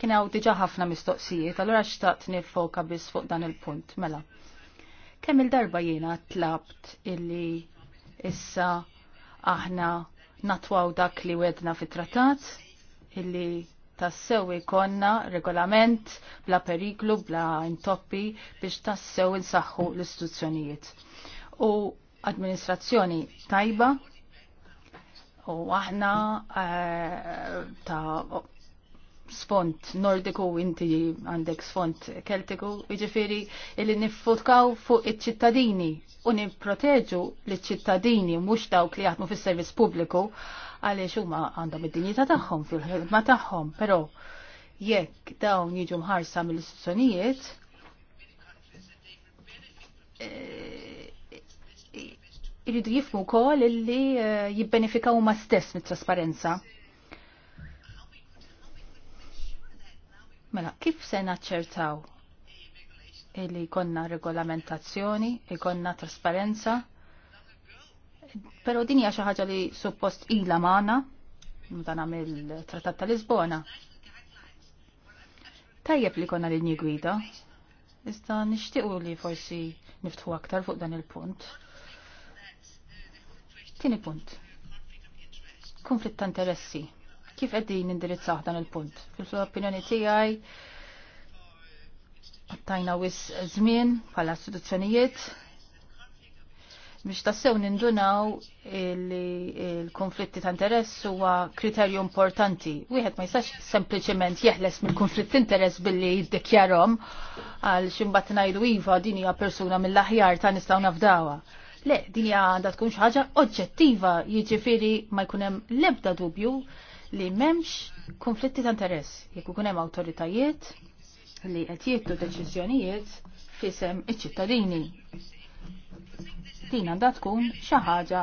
kien hawn diġà ħafna mistoqsijiet, allura xtaqt nifoka biss fuq dan il-punt. Mela, kemm il-darba jiena tlabt illi issa aħna natwaw dak li wedna fit-trattat illi tassew ikonna regolament bla periklu, bla intoppi biex tassew insaħħu l-istituzzjonijiet. U administrazzjoni tajba u aħna eh, ta' sfont nordiku inti għandek sfont keltiku, iġifiri illi nifutkaw fuq iċ-ċittadini u nipproteġu l-ċittadini mhux dawk li jaħdmu fis-servizz pubbliku għaliex huma għandhom id-dinjità tagħhom fil-ħidma tagħhom, però jekk dawn jiġu mħarsa mill-istituzzjonijiet eh, irridu jifmu wkoll illi eh, jibbenefikaw ma stess mit-trasparenza. Mela, kif se naċċertaw illi jkollna regolamentazzjoni, jkollna trasparenza, pero din hija xi ħaġa li suppost ilha magħna dan mill-Trattat ta' Lisbona. Tajjeb li konna linji gwida, iżda nixtiequ li forsi niftħu aktar fuq dan il-punt. Tini punt. Konflitt ta' interessi. Kif għeddin indirizzaħ dan il-punt? Fil-opinjoni tiegħi għattajna wis żmien bħala istituzzjonijiet biex tassew nindunaw il-konflitti ta' interess huwa kriterju importanti. Wieħed ma jistax sempliċement jeħles mill-konflitt interess billi jiddikjarhom għal ximbat ngħidu iva din hija persuna mill-aħjar ta' nistgħu nafdawa. Le, din għandha tkun xi ħaġa oġġettiva, jiġifieri ma jkun hemm l-ebda dubju li m'hemmx konflitti ta' interess jekk ikun hemm awtoritajiet li qed jieħdu deċiżjonijiet fisem iċ-ċittadini. Din għandha tkun xi ħaġa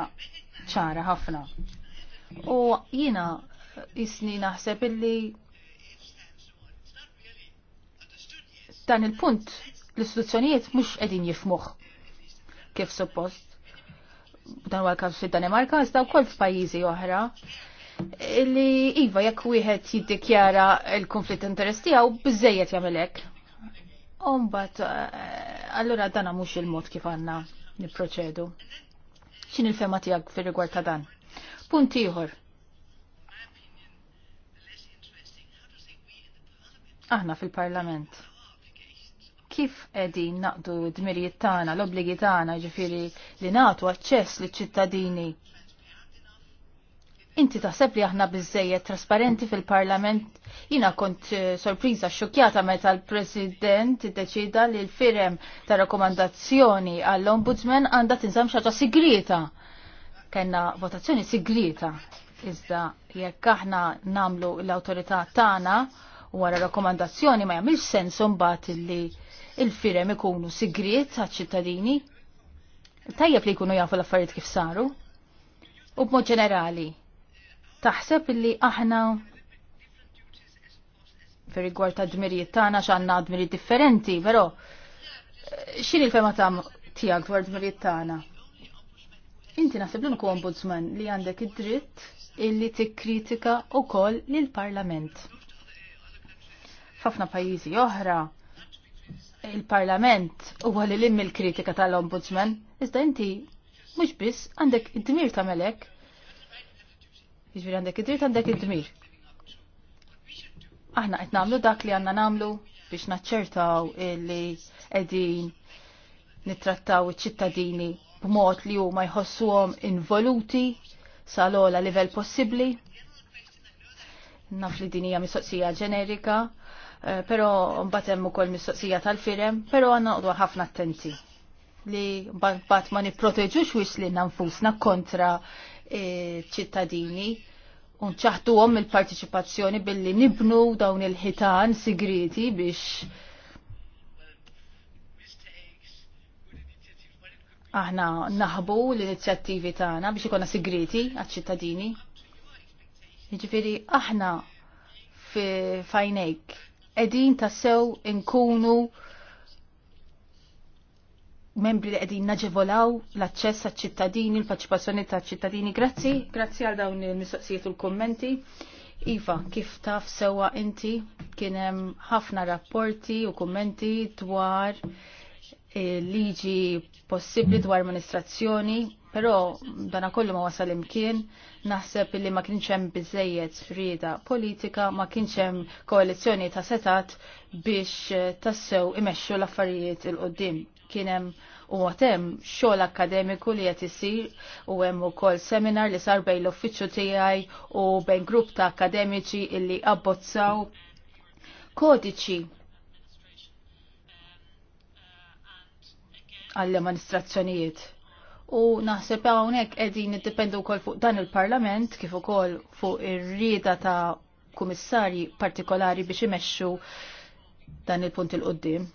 ċara ħafna. U jiena isni naħseb illi dan il-punt l-istituzzjonijiet mhux qegħdin jifmuħ kif suppost dan huwa każ fid-Danimarka, iżda wkoll f'pajjiżi oħra li iva jekk wieħed jiddikjara l-konflitt interesti għaw biżejjed jagħmel hekk. Ombat, eh, allura dana mhux il-mod kif għandna niproċedu. X'in il-fema tiegħek fir-rigward ta' dan? Punt ieħor. Aħna fil-Parlament kif edin naqdu d-dmirijiet tagħna, l-obbligi tagħna, ġifieri li nagħtu aċċess liċ ċittadini. Inti taħseb li aħna biżejjed trasparenti fil-Parlament jina kont eh, sorpriża xokjata meta l-President iddeċida li l-firem ta' rakkomandazzjoni għall-Ombudsman għandha tinżamm xaġa sigrieta. Kenna votazzjoni sigrieta. Iżda jekk aħna namlu l-awtorità tagħna u għara rakkomandazzjoni ma jagħmilx sens imbagħad li il-firem ikunu sigriet għaċ-ċittadini. Tajjeb li jkunu jafu l-affarijiet kif saru. U b'mod ġenerali, taħseb li aħna fir rigward ta' dmirijiet tagħna x'għandna dmirijiet differenti, però x'in il fema tiegħek dwar dmirijiet tagħna? Inti naħseb li ombudsman li għandek id-dritt illi tikkritika wkoll lill-Parlament f'ħafna pajjiżi oħra il-Parlament huwa li lim il-kritika tal-Ombudsman, iżda inti mhux biss għandek id-dmir ta' melek. Jiġri għandek id-dmir għandek id-dmir. Aħna qed nagħmlu dak li għandna nagħmlu biex naċċertaw li qegħdin nittrattaw iċ-ċittadini b'mod li huma jħossuhom involuti sal-ola livell possibbli. Naf li dinija mistoqsija ġenerika, Eh, pero mbagħad hemm ukoll mistoqsija tal-firem, pero għanna noqdu ħafna attenti li mbagħad ma nipproteġux wislinna nfusna kontra eh, ċittadini u nċaħduhom il-partiċipazzjoni billi nibnu dawn il-ħitan sigriti biex aħna naħbu l-inizjattivi tagħna biex ikonna sigriti għaċ-ċittadini. Jiġifieri aħna fi fajnejk edin tassew inkunu membri li edin naġevolaw l-access għal ċittadini, l paċipazzjoni ta' ċittadini. Grazzi, grazzi għal dawn il-mistoqsijiet u l-kommenti. Iva, kif taf sewa inti kienem ħafna rapporti u kommenti dwar eh, liġi possibli dwar amministrazzjoni Pero dana kollu ma wasal imkien, naħseb li ma kienx hemm biżejjed politika, ma kienx hemm koalizzjoni ta' setat biex eh, tassew imexxu l-affarijiet il qoddim Kien hemm u hemm xogħol akademiku li qed isir u hemm ukoll seminar li sar bejn l-uffiċċju tiegħi u bejn grupp ta' akademiċi illi abbozzaw kodiċi għall-amministrazzjonijiet U naħseb hawnhekk qegħdin iddependu wkoll fuq dan il-Parlament kif ukoll fuq ir-rieda ta' kummissarji partikolari biex imexxu dan il-punt il-qoddim.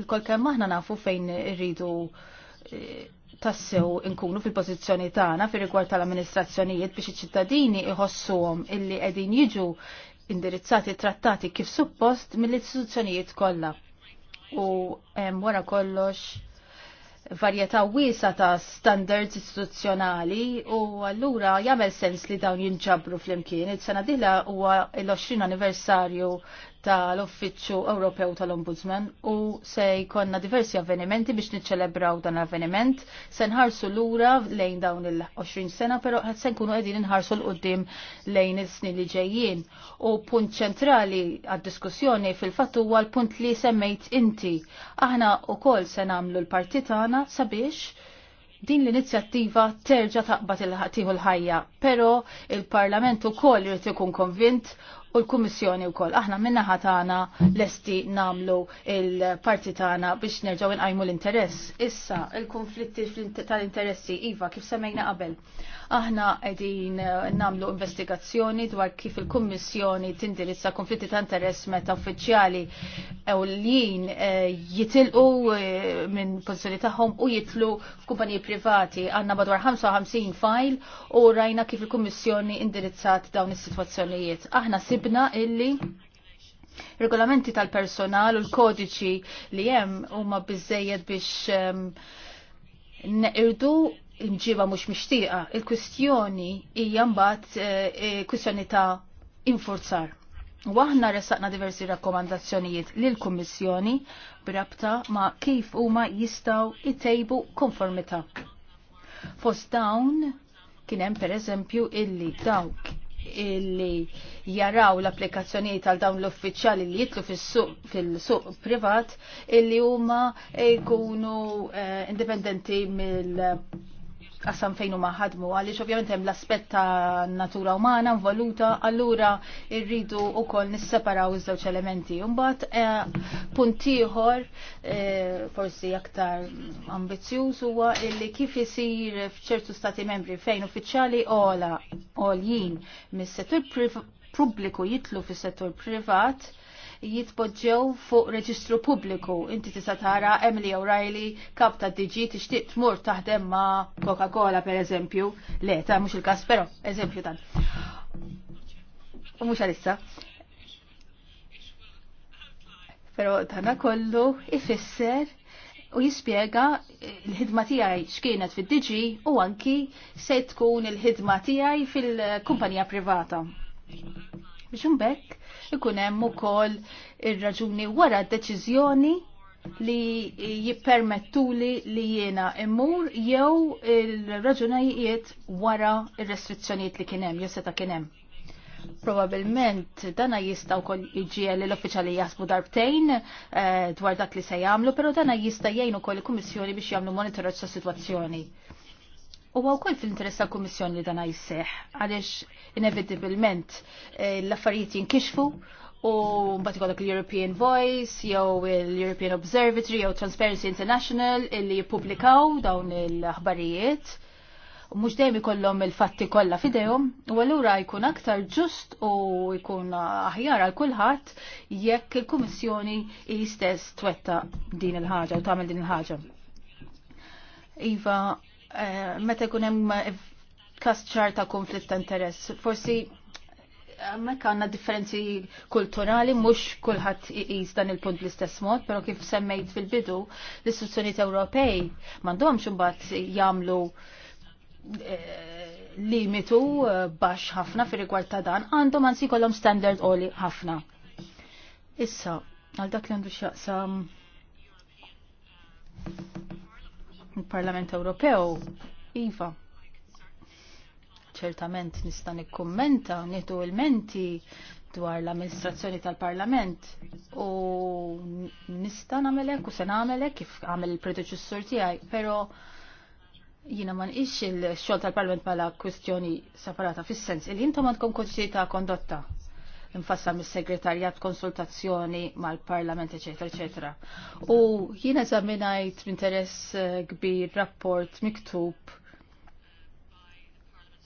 Il-kol kemm aħna nafu fejn irridu e, tassew inkunu fil-pożizzjoni tagħna fir rigward tal-amministrazzjonijiet biex iċ-ċittadini iħossuhom illi qegħdin jiġu indirizzati trattati kif suppost mill-istituzzjonijiet kollha. U hemm wara kollox varjetà wiesa ta' standards istituzzjonali u allura jagħmel sens li dawn jinġabru flimkien. il sena dilha huwa l-20 anniversarju tal-Uffiċċju Ewropew tal-Ombudsman u se jkollna diversi avvenimenti biex niċċelebraw dan l-avveniment. Se nħarsu lura lejn dawn il-20 sena, però se nkunu qegħdin inħarsu l-qudiem lejn is-snin li ġejjin. U punt ċentrali għad-diskussjoni fil-fatt huwa l-punt li semmejt inti. Aħna wkoll se nagħmlu l-parti tagħna sabiex din l-inizjattiva terġa taqbad il-ħatiħu l-ħajja, pero il-Parlament ukoll jrid ikun konvint u l-Kummissjoni wkoll. Aħna minnaħa tagħna lesti namlu il-parti tagħna biex nerġgħu nqajmu l-interess. Issa il-konflitti tal-interessi iva kif semmejna qabel. Aħna qegħdin eh, nagħmlu investigazzjoni dwar kif il-Kummissjoni tindirizza konflitti ta' interess meta uffiċjali l-jien eh, jitilqu eh, minn pożizzjoni tagħhom u jitlu f'kumpaniji privati. Għandna madwar 55 fajl u rajna kif il-Kummissjoni indirizzat dawn is-sitwazzjonijiet. Aħna sibna illi regolamenti tal-personal u l-kodiċi li hemm huma biżejjed biex ehm, neqirdu imġiba mhux mixtieqa. Il-kwistjoni hija mbagħad eh, eh, kwistjoni ta' infurzar. U aħna ressaqna diversi rakkomandazzjonijiet l kummissjoni b'rabta ma' kif huma jistgħu jtejbu konformità. Fost dawn kien hemm pereżempju illi dawk illi jaraw l-applikazzjonijiet għal dawn l-uffiċjali li jitlu fil-suq fil privat illi huma jkunu eh, indipendenti mill qasam fejn huma ħadmu għaliex ovvjament hemm l-aspett ta' natura umana involuta, allura rridu wkoll nisseparaw iż-żewġ elementi. Mbagħad eh, punt ieħor eh, forsi aktar ambizzjuż huwa illi kif isir f'ċertu stati membri fejn uffiċjali ola għoljin mis-settur pubbliku jitlu fis-settur privat jitpoġġew fuq reġistru pubbliku. Inti tista' tara Emily O'Reilly, kap ta' DG tixtieq tmur taħdem ma' Coca-Cola per eżempju. Le, ta' mhux il-każ, però eżempju tal. U mhux għalissa. Però tana kollu ifisser u jispjega l-ħidma tiegħi x'kienet fid-DG u anki se tkun il-ħidma tiegħi fil-kumpanija privata biex imbekk ikun hemm ukoll il raġuni wara d-deċiżjoni li jippermettuli li jiena immur jew il-raġunajiet wara il restrizzjonijiet li kien hemm jew seta' kien hemm probabilment dana jista wkoll iġiel l-uffiċjali jasbu darbtejn eh, dwar dak li se jagħmlu, però dana jista jgħinu wkoll il-Kummissjoni biex jagħmlu monitorat sa' sitwazzjoni. U wkoll fil-interess tal li dana jisseħ għaliex inevitabilment eh, l-affarijiet jinkixfu u mbagħad ikollok l-European Voice jew l-European Observatory jew Transparency International illi jippubblikaw dawn l ħbarijiet u mhux dejjem ikollhom il-fatti kollha f'idejhom u allura jkun aktar ġust u jkun aħjar għal kulħadd jekk il-Kummissjoni jistess stess twetta din il-ħaġa u tagħmel din il-ħaġa. Iva, Eh, meta jkun hemm eh, każ ċar ta' konflitt ta' interess. Forsi eh, Mekk għandna differenzi kulturali, mhux kulħadd iqis dan il-punt bl-istess mod, però kif semmejt fil-bidu, l istituzzjonijiet Ewropej m'għandhomx imbagħad jagħmlu limitu baxx ħafna fir rigward ta' dan, għandhom ansi kollhom standard oli ħafna. Issa, għal dak li għandu x'jaqsam il-Parlament Ewropew, Iva, ċertament nista' nikkummenta nieħdu il-menti dwar l-amministrazzjoni tal-Parlament u nista' nagħmelek u se nagħmelek kif għamel il-predeċessur tiegħi, però jina ma nqix il-xogħol tal-Parlament bħala kwistjoni separata fis-sens li intom għandkom kodġi ta' kondotta infassal mis-segretarjat konsultazzjoni mal-Parlament, eċetera, eċetera. U jien eżaminajt interess eh, kbir rapport miktub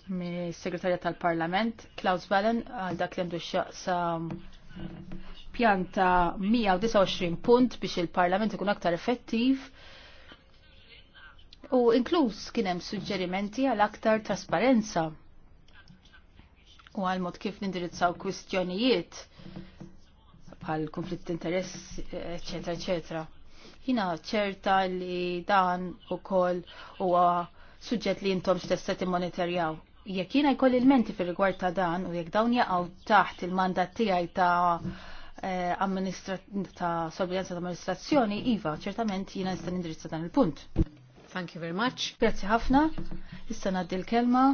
mis-segretarjat tal-Parlament, Klaus Ballen, għal dak li għandu xaqsa eh, pjanta 129 punt biex il-Parlament ikun aktar effettiv. U inkluż kien hemm suġġerimenti għal aktar trasparenza u għal-mod kif nindirizzaw kwistjonijiet bħal konflitt interess, eccetera, eccetera. Jina ċerta li dan u kol u suġġet li jintom stessa timonitorjaw. Jekk jina jkoll il-menti fil rigward ta' dan u jekk dawn jaqgħu taħt il-mandat tiegħi ta' eh, ta' sorveljanza ta' amministrazzjoni, iva, ċertament jina nista' nindirizza dan il-punt. Thank you very much. Grazzi ħafna. Issa ngħaddi l-kelma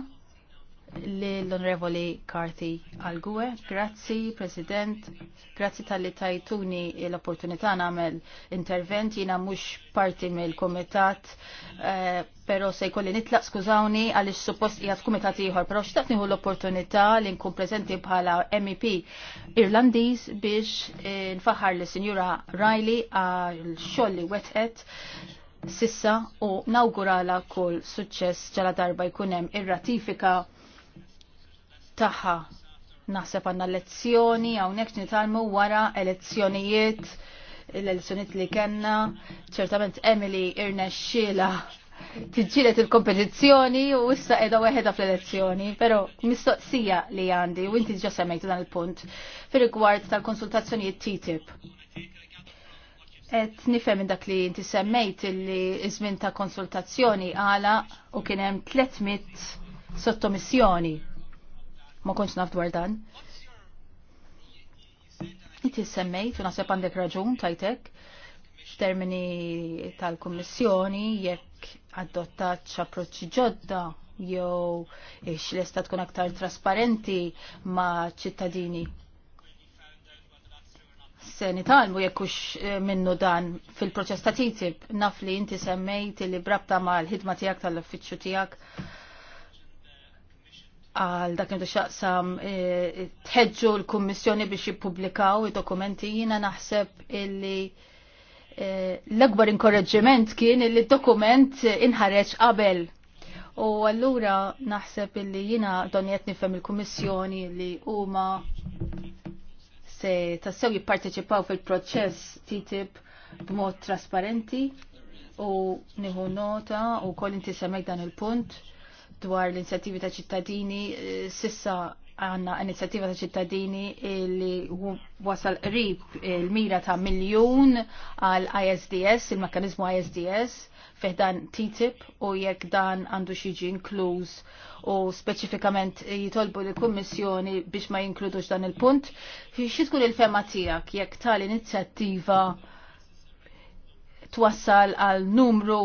l-Onorevoli Carthy Algue. Grazzi, President. Grazzi tal-li tajtuni l-opportunità namel intervent. Jina mux parti mill komitat eh, pero se jkolli nitlaq skużawni għalix suppost jgħat komitat iħor, pero hu l-opportunità li nkun prezenti bħala MEP Irlandiż biex eh, nfaħar li Sinjura Riley għal xolli wetħet sissa u nawgurala kol suċċess ġala darba jkunem ir-ratifika taħħa. Naħseb għandna lezzjoni hawnhekk nitalmu wara elezzjonijiet l-elezzjonijiet li kellna, ċertament Emily irnexxiela tiġġielet il-kompetizzjoni u issa qiegħda weħeda fl-elezzjoni, però mistoqsija li għandi u inti ġa semmejtu dan il-punt fir-rigward tal-konsultazzjonijiet TTIP. Et nifhem minn dak li inti semmejt li żmien ta' konsultazzjoni għala u kien hemm 300 sottomissjoni ma konċ naf dwar dan. Inti semmejt, u naħseb għandek raġun tajtek, f'termini tal-Kummissjoni jekk adottat approċċi ġodda jew ix l tkun aktar trasparenti ma' ċittadini. Se nitalmu jekkux eh, minnu dan fil-proċess ta' TTIP, naf li inti semmejt li brabta ma' l-ħidma tiegħek tal-uffiċċju tiegħek għal dak li xaqsam e, tħeġġu l-Kummissjoni biex jippubblikaw id-dokumenti jiena naħseb illi e, l-akbar inkorreġġiment kien illi d-dokument inħareġ qabel. U allura naħseb illi jiena donjet nifhem il-Kummissjoni li huma se tassew jipparteċipaw fil-proċess TTIP b'mod trasparenti u niħu nota u koll inti semmek dan il-punt dwar l-inizjattivi ta' ċittadini, eh, sissa għanna inizjattiva ta' ċittadini li wasal qrib il-mira ta' miljon għal ISDS, il mekanizmu ISDS, fiħdan TTIP u jekk dan għandu xieġi inkluż u speċifikament jitolbu li kummissjoni biex ma jinkludux dan il-punt. Xie tkun il-fema tijak jekk tal-inizjattiva twassal għal numru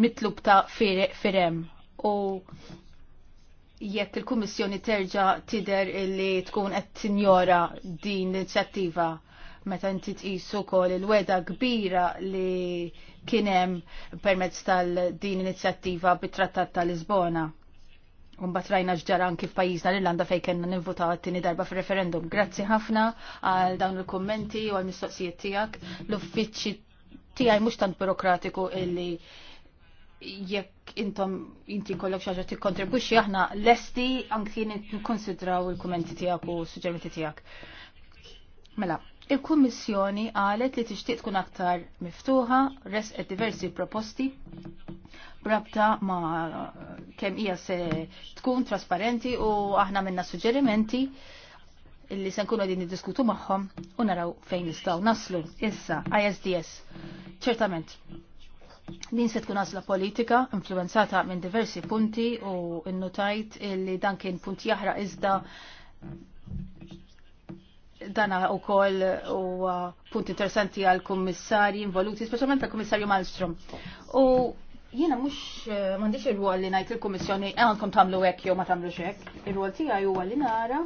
mitlub ta' firem u jekk il-Kummissjoni terġa tider li tkun qed tinjora din l-inizjattiva meta inti tqisu wkoll il-weda kbira li kien hemm permezz tal-din inizjattiva bit-Trattat ta' Lisbona. mbagħad rajna xġara kif f'pajjiżna l-Irlanda fejn kellna nivvota t-tieni darba fir-referendum. Grazzi ħafna għal dawn il-kummenti u għall mistoqsijiet tiegħek. L-uffiċċji tiegħi mhux tant burokratiku illi jekk intom inti kollok xaġa tikkontribwixxi aħna lesti anki nikkonsidraw il kumenti tiegħek u suġġerimenti tiegħek. Mela, il-Kummissjoni qalet li tixtieq tkun aktar miftuħa, resqet diversi proposti brabta ma kemm hija se tkun trasparenti u aħna minna suġġerimenti illi se nkunu għedin niddiskutu magħhom u naraw fejn nistgħu naslu issa ISDS. Ċertament, Din se tkun għazla politika influenzata minn diversi punti u innotajt li dan kien punt jaħra iżda dana u koll u punt interessanti għal kummissarji involuti, specialment għal kummissarju Malmstrom. U Jiena mux eh, mandiċ il-ruol li najt il-Komissjoni eh, għankom tamlu għek jew ma tamlu xek. Il-ruol għaj u li nara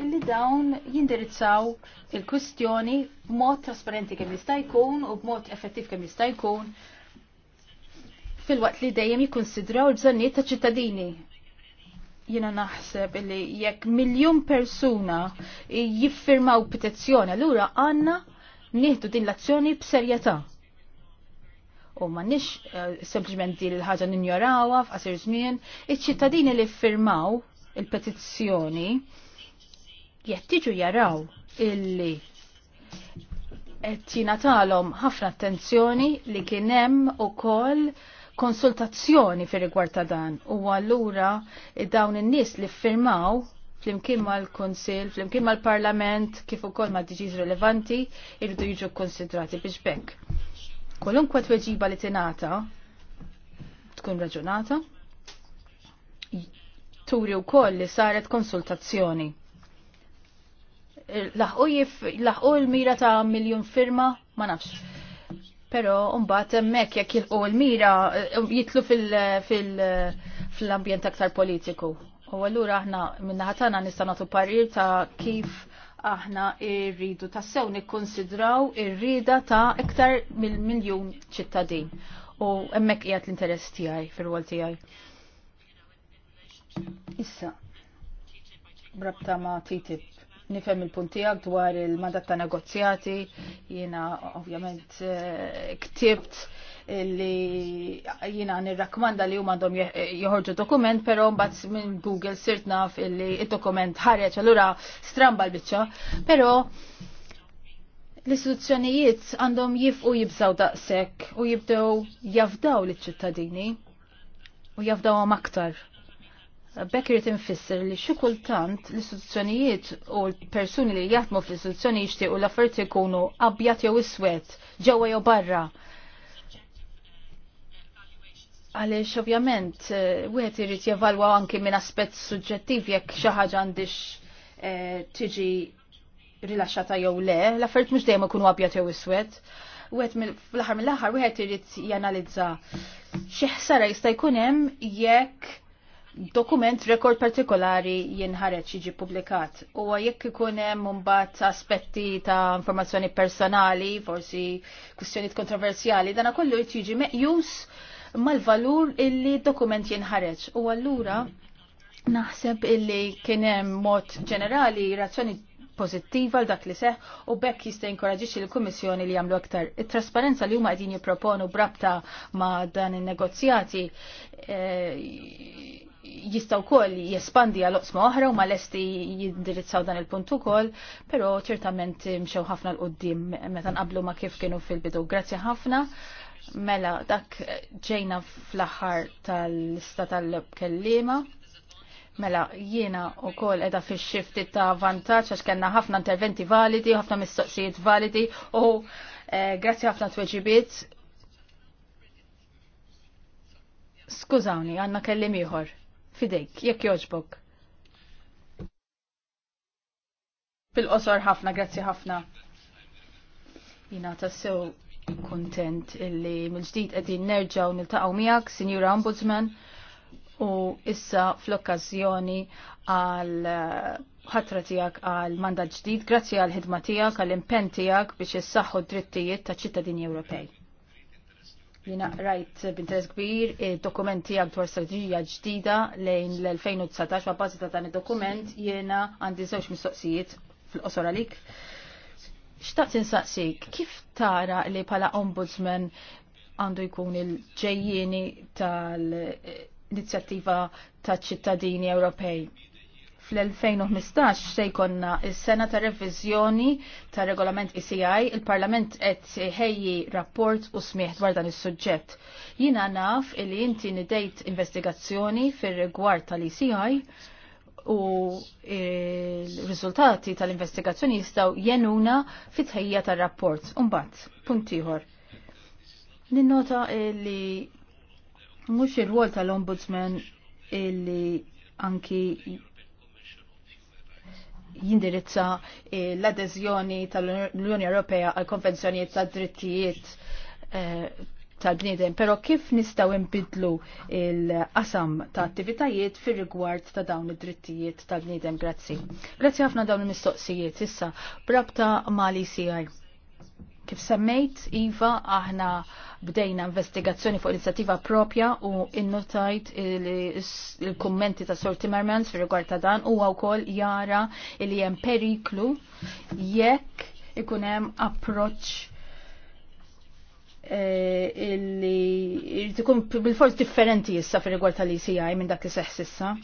illi dawn jindirizzaw il-kwistjoni b'mod trasparenti kemm jista' jkun u b'mod effettiv kemm jista' jkun fil-waqt li dejjem jikkonsidraw il-bżonnijiet ta' ċittadini. Jina naħseb li jekk miljon persuna jiffirmaw petizzjoni, allura għanna nieħdu din l-azzjoni b'serjetà. U ma nix eh, sempliċement din il-ħaġa ninjorawha f'qasir żmien, iċ-ċittadini li ffirmaw il-petizzjoni jiġu jaraw illi qed jingħatalhom ħafna attenzjoni li kien hemm ukoll konsultazzjoni fir rigward ta' dan u allura dawn in-nies li firmaw flimkien mal-Konsil, flimkien mal-Parlament, kif ukoll ma' diġiż rilevanti, irridu jiġu konsidrati biex bekk. Kolunkwa tweġiba li tingħata tkun raġunata, turi u koll li saret konsultazzjoni. Laħqu l-mira ta' miljon firma, ma nafx Pero mbagħad hemmhekk jekk jilqu l-mira jitlu fil-ambjent aktar politiku. U allura aħna minna tagħna nista' nagħtu parir ta' kif aħna irridu tassew nikkonsidraw ir-rida ta' iktar mil miljun ċittadin. U hemmhekk qiegħed l-interess tiegħi fir-rwol tiegħi. Issa, brabta ma' TTIP nifhem il-puntijak dwar il-mandat ta' negozjati, jiena ovvjament eh, ktibt li jiena nirrakmanda li huma għandhom joħorġu dokument, però mbagħad minn Google sirt naf illi id-dokument ħareġ allura stramba l-biċċa, però l-istituzzjonijiet għandhom jifqu jibżaw daqshekk u jibdew jafdaw liċ-ċittadini u jafdaw aktar Bekk irid infisser li xi kultant l-istituzzjonijiet u l-persuni li jaħdmu fl-istituzzjoni jixtiequ l-affarijiet ikunu abjat jew iswed, ġewwa jew barra. Għaliex ovvjament eh, wieħed irid jevalwa anki minn aspett suġġettiv jekk xi ħaġa għandix eh, tiġi rilaxxata jew le, l-affarijiet mhux dejjem ikunu abjat jew iswed. Wieħed fl-aħħar mill-aħħar wieħed irid janalizza xi ħsara jista' jkun hemm jekk dokument rekord partikolari jinħareġ jiġi publikat. U jekk ikun hemm mbagħad aspetti ta' informazzjoni personali, forsi kwistjonijiet kontroversjali, dana kollu jrid jiġi meqjus mal-valur illi dokument jinħareġ. U allura naħseb illi kien hemm mod ġenerali razzjoni pozittiva l dak li seħ u bekk jista' jinkoraġġixxi l-Kummissjoni li jagħmlu aktar. It-trasparenza li huma qegħdin jipproponu brabta ma' dan in-negozjati eh, jistaw kol jespandi għal oqsma oħra u ma esti jindirizzaw dan il-punt ukoll, pero ċertament mxew ħafna l-qoddim meta qablu ma kif kienu fil-bidu. Grazie ħafna. Mela, dak ġejna fl-aħħar tal-lista tal-kellima. Mela, jiena u kol edha fi xifti ta' vantaċ, għax kena ħafna interventi validi, ħafna mistoqsijiet validi, u grazie eh, grazzi ħafna tweġibiet. Skużawni, għanna kellim iħor. Fidejk, jekk joġbok. Fil-qosor ħafna, grazzi ħafna. Jina tassew kontent illi mill-ġdid qegħdin nerġgħu niltaqgħu miegħek, Sinjura Ombudsman, u issa fl-okkażjoni għal uh, ħatra tiegħek għal mandat ġdid, grazzi għal ħidma tiegħek, għall impenn tiegħek biex issaħħu d-drittijiet ta' ċittadini Ewropej. Jina rajt b'interess kbir dokumenti għal dwar strategija ġdida lejn l-2019 ma' bazi ta' dan id-dokument jiena għandi żewġ mistoqsijiet fil-qosor għalik. Xtaqt insaqsik, kif tara li pala ombudsman għandu jkun il-ġejjieni tal-inizjattiva ta' ċittadini Ewropej? fl-2015 se jkonna is-sena ta' reviżjoni ta' regolament ICI e il-Parlament qed ħejji rapport u smieħ dwar dan is-suġġett. Jina naf li inti nidejt investigazzjoni fir-rigward tal-ECI u il-riżultati tal-investigazzjoni jistgħu jenuna fit-ħejja tar-rapport. Umbat, punt ieħor. Ninnota li mhux ir-rwol tal-Ombudsman illi anki jindirizza eh, l-adeżjoni tal-Unjoni Ewropea għal konvenzjonijiet tad drittijiet eh, tal-bniedem, pero kif nistaw imbidlu il-qasam ta' attivitajiet fir rigward ta' dawn id-drittijiet tal-bniedem, grazzi. Grazzi ħafna dawn il-mistoqsijiet, issa, brabta ma' l Kif semmejt, Iva, aħna bdejna investigazzjoni fuq inizjattiva propja u innotajt il-kommenti ta' Sol Timmermans fi rigward ta' dan u wkoll jara li hemm periklu jekk ikun hemm approċċ eh, illi jrid ikun bil-fors differenti issa fi rigward tal-ECI minn dak li seħħ sissa.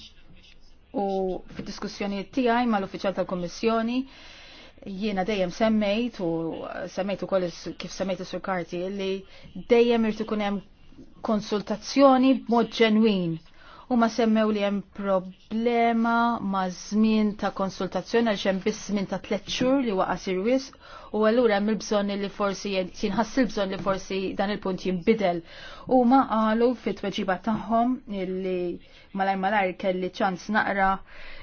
U fid-diskussjonijiet tiegħi mal-uffiċjal tal-Kummissjoni jiena dejjem semmejt u semmejt ukoll kif semmejt sur karti li dejjem irtu ikun hemm konsultazzjoni b'mod ġenwin. U ma semmew li hemm problema ma' żmien ta' konsultazzjoni għal hemm biss żmien ta' tliet xhur li waqa' sir wisq u allura hemm il-bżonn li forsi jinħassil bżonn li forsi dan il-punt jinbidel. U ma qalu fit-tweġiba tagħhom illi malajr kelli ċans naqra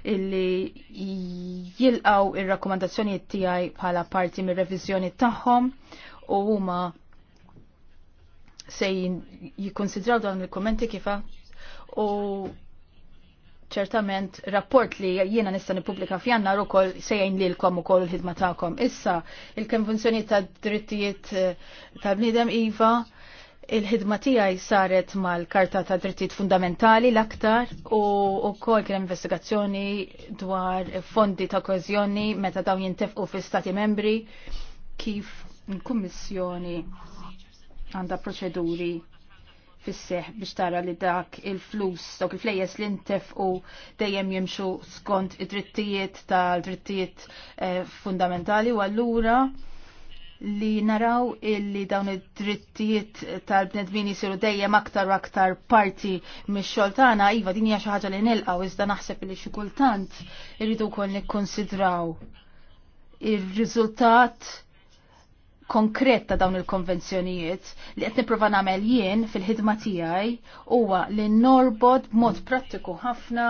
illi jilqaw il rakkomandazzjonijiet tiegħi bħala parti mir-reviżjoni tagħhom u huma se jikkonsidraw dawn il-kommenti kifa u ċertament rapport li jiena nista' nippubblika f'jannar ukoll sejjin lilkom ukoll il-ħidma tagħkom. Issa il-Konvenzjoni tad-Drittijiet eh, tal-Bniedem iva il-ħidma tiegħi saret mal-Karta ta' Drittijiet Fundamentali l-aktar u wkoll kien investigazzjoni dwar fondi ta' koeżjoni meta dawn jintefqu fl-Stati membri kif il-Kummissjoni għandha proċeduri fis-seħ biex tara li dak il-flus, dawk il-flejjes li ntefqu dejjem jimxu skont id-drittijiet tal-drittijiet eh, fundamentali u allura li naraw illi dawn id-drittijiet tal-bnedmin jisiru dejjem aktar u aktar parti mix xoltana tagħna, iva din hija xi ħaġa li nilqgħu iżda naħseb li xi kultant irridu wkoll nikkonsidraw ir-riżultat konkret ta' dawn il-konvenzjonijiet li qed nipprova nagħmel jien fil-ħidma tiegħi huwa li norbod b'mod prattiku ħafna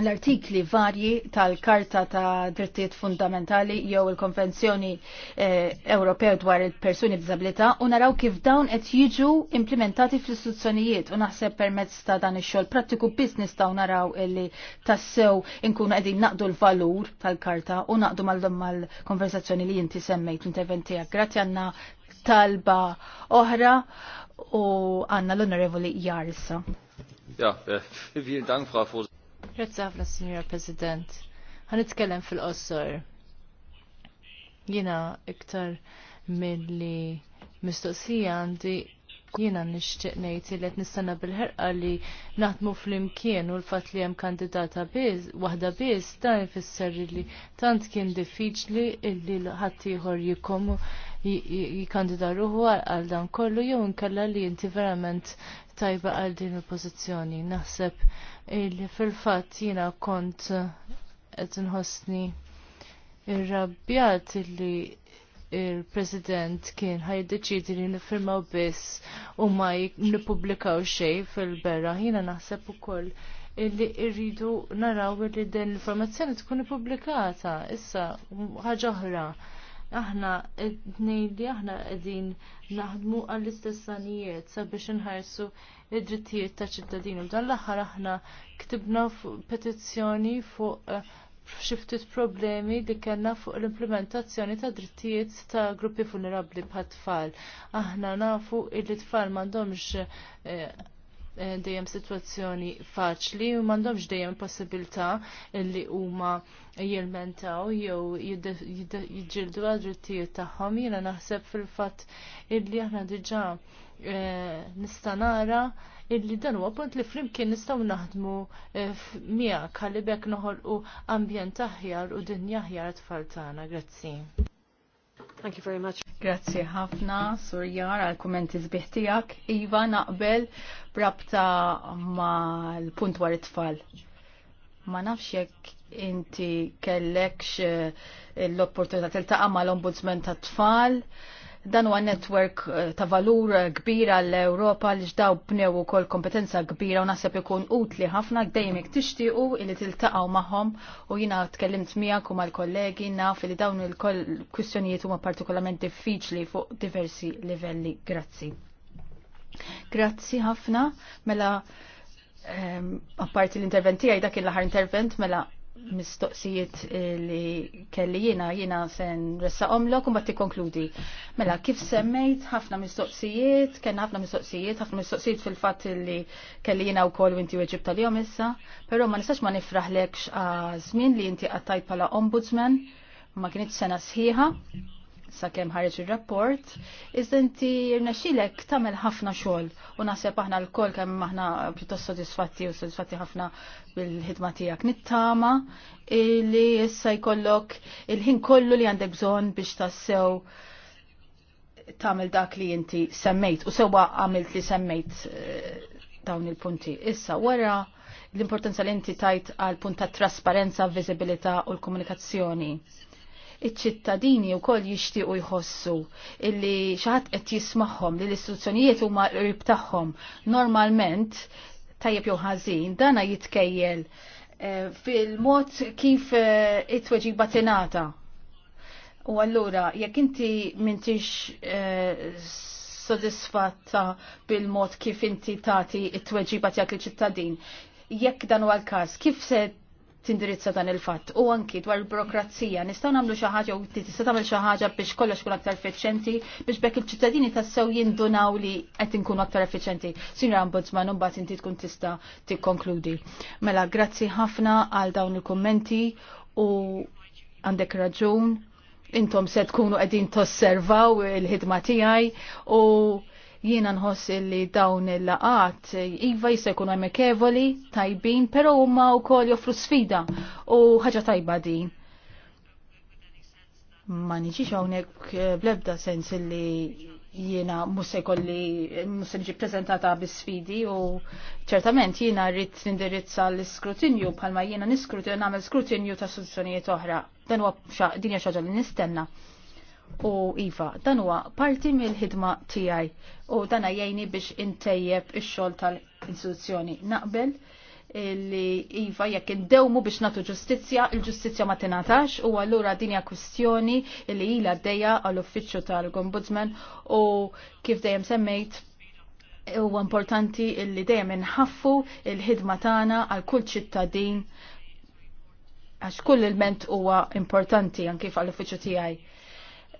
l-artikli varji tal-Karta ta' Drittijiet Fundamentali jew il-Konvenzjoni eh, Ewropew dwar il-Persuni b'Disabilità u naraw kif dawn qed jiġu implementati fl-istituzzjonijiet u naħseb permezz ta' dan ix-xogħol prattiku business taw naraw illi tassew inkunu qegħdin naqdu l-valur tal-Karta u naqdu mal-dom mal-konversazzjoni li inti semmejt l-intervent tiegħek. Grazzi għandna talba oħra u għandna l-Onorevoli Jarsa. Ja, eh, vielen Dank, Frau Vorsitzende. Grazie ħafna, Signora President. Għanitkellem fil-qossor. Jina iktar mill-li mistoqsija għandi jiena nixtieq ngħid li qed nistenna bil-ħerqa li naħdmu flimkien u l-fatt li hemm kandidata biss waħda biss dan ifisser li tant kien diffiċli illi ħadd ieħor jikomu jikandida ruħu għal dan kollu jew nkella li inti verament tajba għal din il-pożizzjoni. Naħseb li fil-fatt jiena kont qed inħossni irrabjat li il-President kien ħajdeċidi li nifirmaw biss u ma nipublikaw xej fil-berra. Jina naħseb ukoll illi irridu naraw li din l-informazzjoni tkun ippubblikata issa ħaġa oħra aħna nejdi aħna qegħdin naħdmu għall istessanijiet sabiex inħarsu id-drittijiet ta' ċittadini. Dan l-aħħar aħna ktibna petizzjoni fuq eh, xiftit problemi li kellna fuq l-implementazzjoni ta' drittijiet ta' gruppi vulnerabbli bħat tfal. Aħna nafu il tfal m'għandhomx eh, Eh, dejjem situazzjoni faċli u m'għandhomx dejjem possibilità li huma jilmentaw jew jiġġieldu għad-drittijiet tagħhom. Jiena naħseb fil-fatt illi aħna diġà eh, nista' nara illi dan huwa punt li flimkien nistgħu naħdmu eh, miegħek ħalli bekk noħolqu ambjent aħjar u dinja aħjar tfal tagħna. Grazzi. Thank you very much. Grazie ħafna, Surjar, għal kumenti zbiħtijak. Iva, naqbel brabta ma l-punt war it-tfal. Ma nafx jekk inti kellekx eh, l-opportunità tiltaqa' mal-ombudsman tat-tfal. Dan huwa netwerk eh, ta' valur eh, kbira l ewropa li ġdaw bnew ukoll kompetenza kbira u naħseb ikun utli ħafna dejjem jekk tixtiequ li tiltaqgħu magħhom u jiena tkellimt miegħek u mal-kollegi naf li dawn il-kwistjonijiet huma partikolarment diffiċli fuq diversi livelli. Grazzi. Grazzi ħafna mela ehm, apparti l-interventi għaj dak il ħar intervent mela mistoqsijiet eh, li kelli jina jina sen ressa l un batti konkludi. Mela, kif semmejt ħafna mistoqsijiet, kena ħafna mistoqsijiet, ħafna mistoqsijiet fil-fat li kelli jina u kol inti u Eġibta li jomissa, issa, pero ma nistax ma nifraħlekx għazmin li inti għattajt pala ombudsman, ma kienit sena sħiħa, sakemm ħareġ ir-rapport, iżda inti rnexxilek tagħmel ħafna xogħol u naħseb aħna l-kol kemm aħna pjuttost sodisfatti u sodisfatti ħafna bil-ħidma tiegħek nittama li issa jkollok il-ħin kollu li għandek bżonn biex tassew tagħmel dak li inti semmejt u sewwa għamilt li semmejt eh, dawn il-punti. Issa wara l-importanza li inti tajt għal punt trasparenza, viżibilità u l-komunikazzjoni iċ-ċittadini wkoll jixtiequ jħossu illi xi ħadd qed jismaħħom, li l istruzzjonijiet huma qrib tagħhom. Normalment tajjeb jew ħażin dana jitkejjel eh, fil-mod kif eh, it-tweġiba tingħata. U allura jekk inti m'intix eh, sodisfatta bil-mod kif inti tagħti it-tweġiba batjak lill-ċittadin, jekk dan huwa l-każ, kif se tindirizza dan il-fatt. U anki dwar il-burokrazija, nistgħu nagħmlu xi ħaġa u tista' tagħmel xi ħaġa biex kollox kun aktar effiċenti biex bekk il-ċittadini tassew jindunaw li qed inkunu aktar effiċjenti. Sinjor Ombudsman, imbagħad inti tkun tista' tikkonkludi. Mela, grazzi ħafna għal dawn il-kummenti u għandek raġun intom se tkunu qegħdin tosservaw il-ħidma tiegħi u Jiena nħoss li dawn il-laqat iva jista' jkunu amikevoli, tajbin, però huma wkoll joffru sfida u ħaġa tajba din. Ma niġix hawnhekk eh, blebda sens li jiena musa jkolli musa niġi prezentata bi-sfidi u ċertament jiena rrid nindirizza l-iskrutinju bħalma jiena niskrutinju nagħmel skrutinju ta' soluzzjonijiet oħra. Dan huwa din hija xaġa li nistenna. U Iva, dan huwa parti mill-ħidma tiegħi u dan jgħinni biex intejjeb ix-xogħol tal-istituzzjoni. Naqbel li Iva jekk indewmu biex natu ġustizzja, il-ġustizzja ma tingħatax u allura din hija kwistjoni li ilha għaddejja għall-uffiċċju tal gombudsman u kif dejjem semmejt huwa importanti li dejjem inħaffu il-ħidma tagħna għal kull ċittadin għax kull il-ment huwa importanti anki fl uffiċċju tiegħi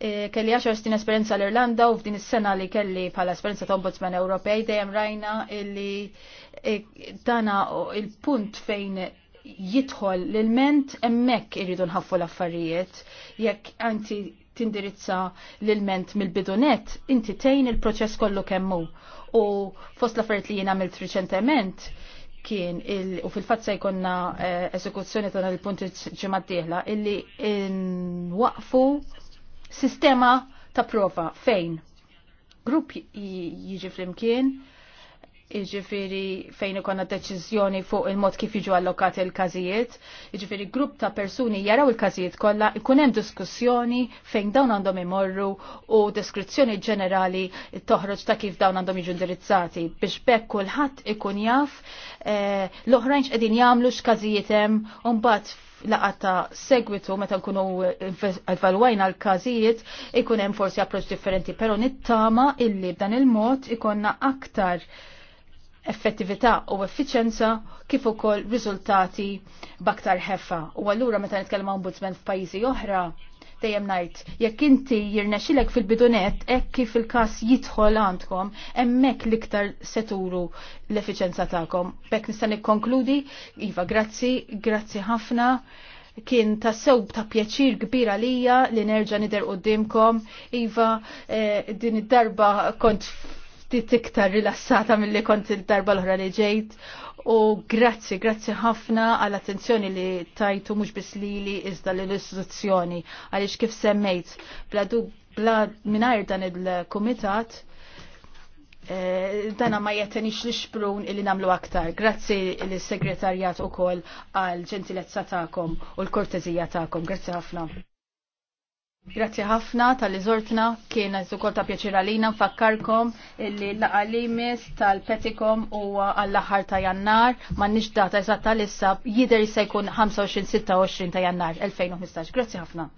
Eh, kelli 10 snin esperjenza l-Irlanda u f'din is-sena li kelli bħala esperjenza ta' Ombudsman Ewropej dejjem rajna illi tana eh, il-punt fejn jidħol l-ment emmek irridu nħaffu l-affarijiet jekk anti tindirizza l-ment mill-bidunet inti tejn il-proċess kollu kemmu u fost l-affarijiet li jien għamilt riċentement kien il, u fil-fatt se jkonna eh, eżekuzzjoni ta' il-punt ġimgħat dieħla illi nwaqfu sistema ta' prova fejn grupp jiġi flimkien, iġifiri fejn ikonna deċizjoni fuq il-mod kif jiġu allokati l-każijiet, iġifiri grupp ta' persuni jaraw il-każijiet kollha, ikun hemm diskussjoni fejn dawn għandhom imorru u deskrizzjoni ġenerali toħroġ ta' kif dawn għandhom jiġu indirizzati biex bekk kulħadd ikun jaf eh, l-oħrajn x'qegħdin jagħmlu x'każijiet hemm u mbagħad laqata segwitu meta nkunu evalwajna l-każijiet ikun hemm forsi approċċ differenti, però nittama illi b'dan il-mod ikonna aktar effettività u effiċenza kif ukoll riżultati b'aktar ħeffa. U allura meta nitkellem ombudsman f'pajjiżi oħra, dejjem ngħid jekk inti jirnexxilek fil-bidunet hekk kif il-każ jidħol għandkom hemmhekk l-iktar seturu l-effiċenza tagħkom. Bekk nista' nikkonkludi, iva grazzi, grazzi ħafna kien ta' sewb ta' pjaċir kbir għalija li nerġa' nider qudiemkom. Iva, eh, din id-darba kont ftit iktar rilassata mill-li kont id-darba l-oħra li ġejt U grazzi, grazzi ħafna għall attenzjoni li tajtu mux bis li li iżda l-istituzzjoni għalix kif semmejt. Bladu, bla minajr dan il-komitat, eh, dana ma jettenix li xprun li namlu aktar. Grazzi il segretarjat u kol għal ġentilezza ta'kom u l-kortezija ta'kom. Grazzi ħafna. Grazzi ħafna tal-li zortna kien ukoll ta' pjaċir għalina nfakkarkom li l għalimis tal-petikom u għall ħar ta' jannar m'għandniex data eżatta l-issa jider se jkun 25-26 ta' jannar 2015. Grazzi ħafna.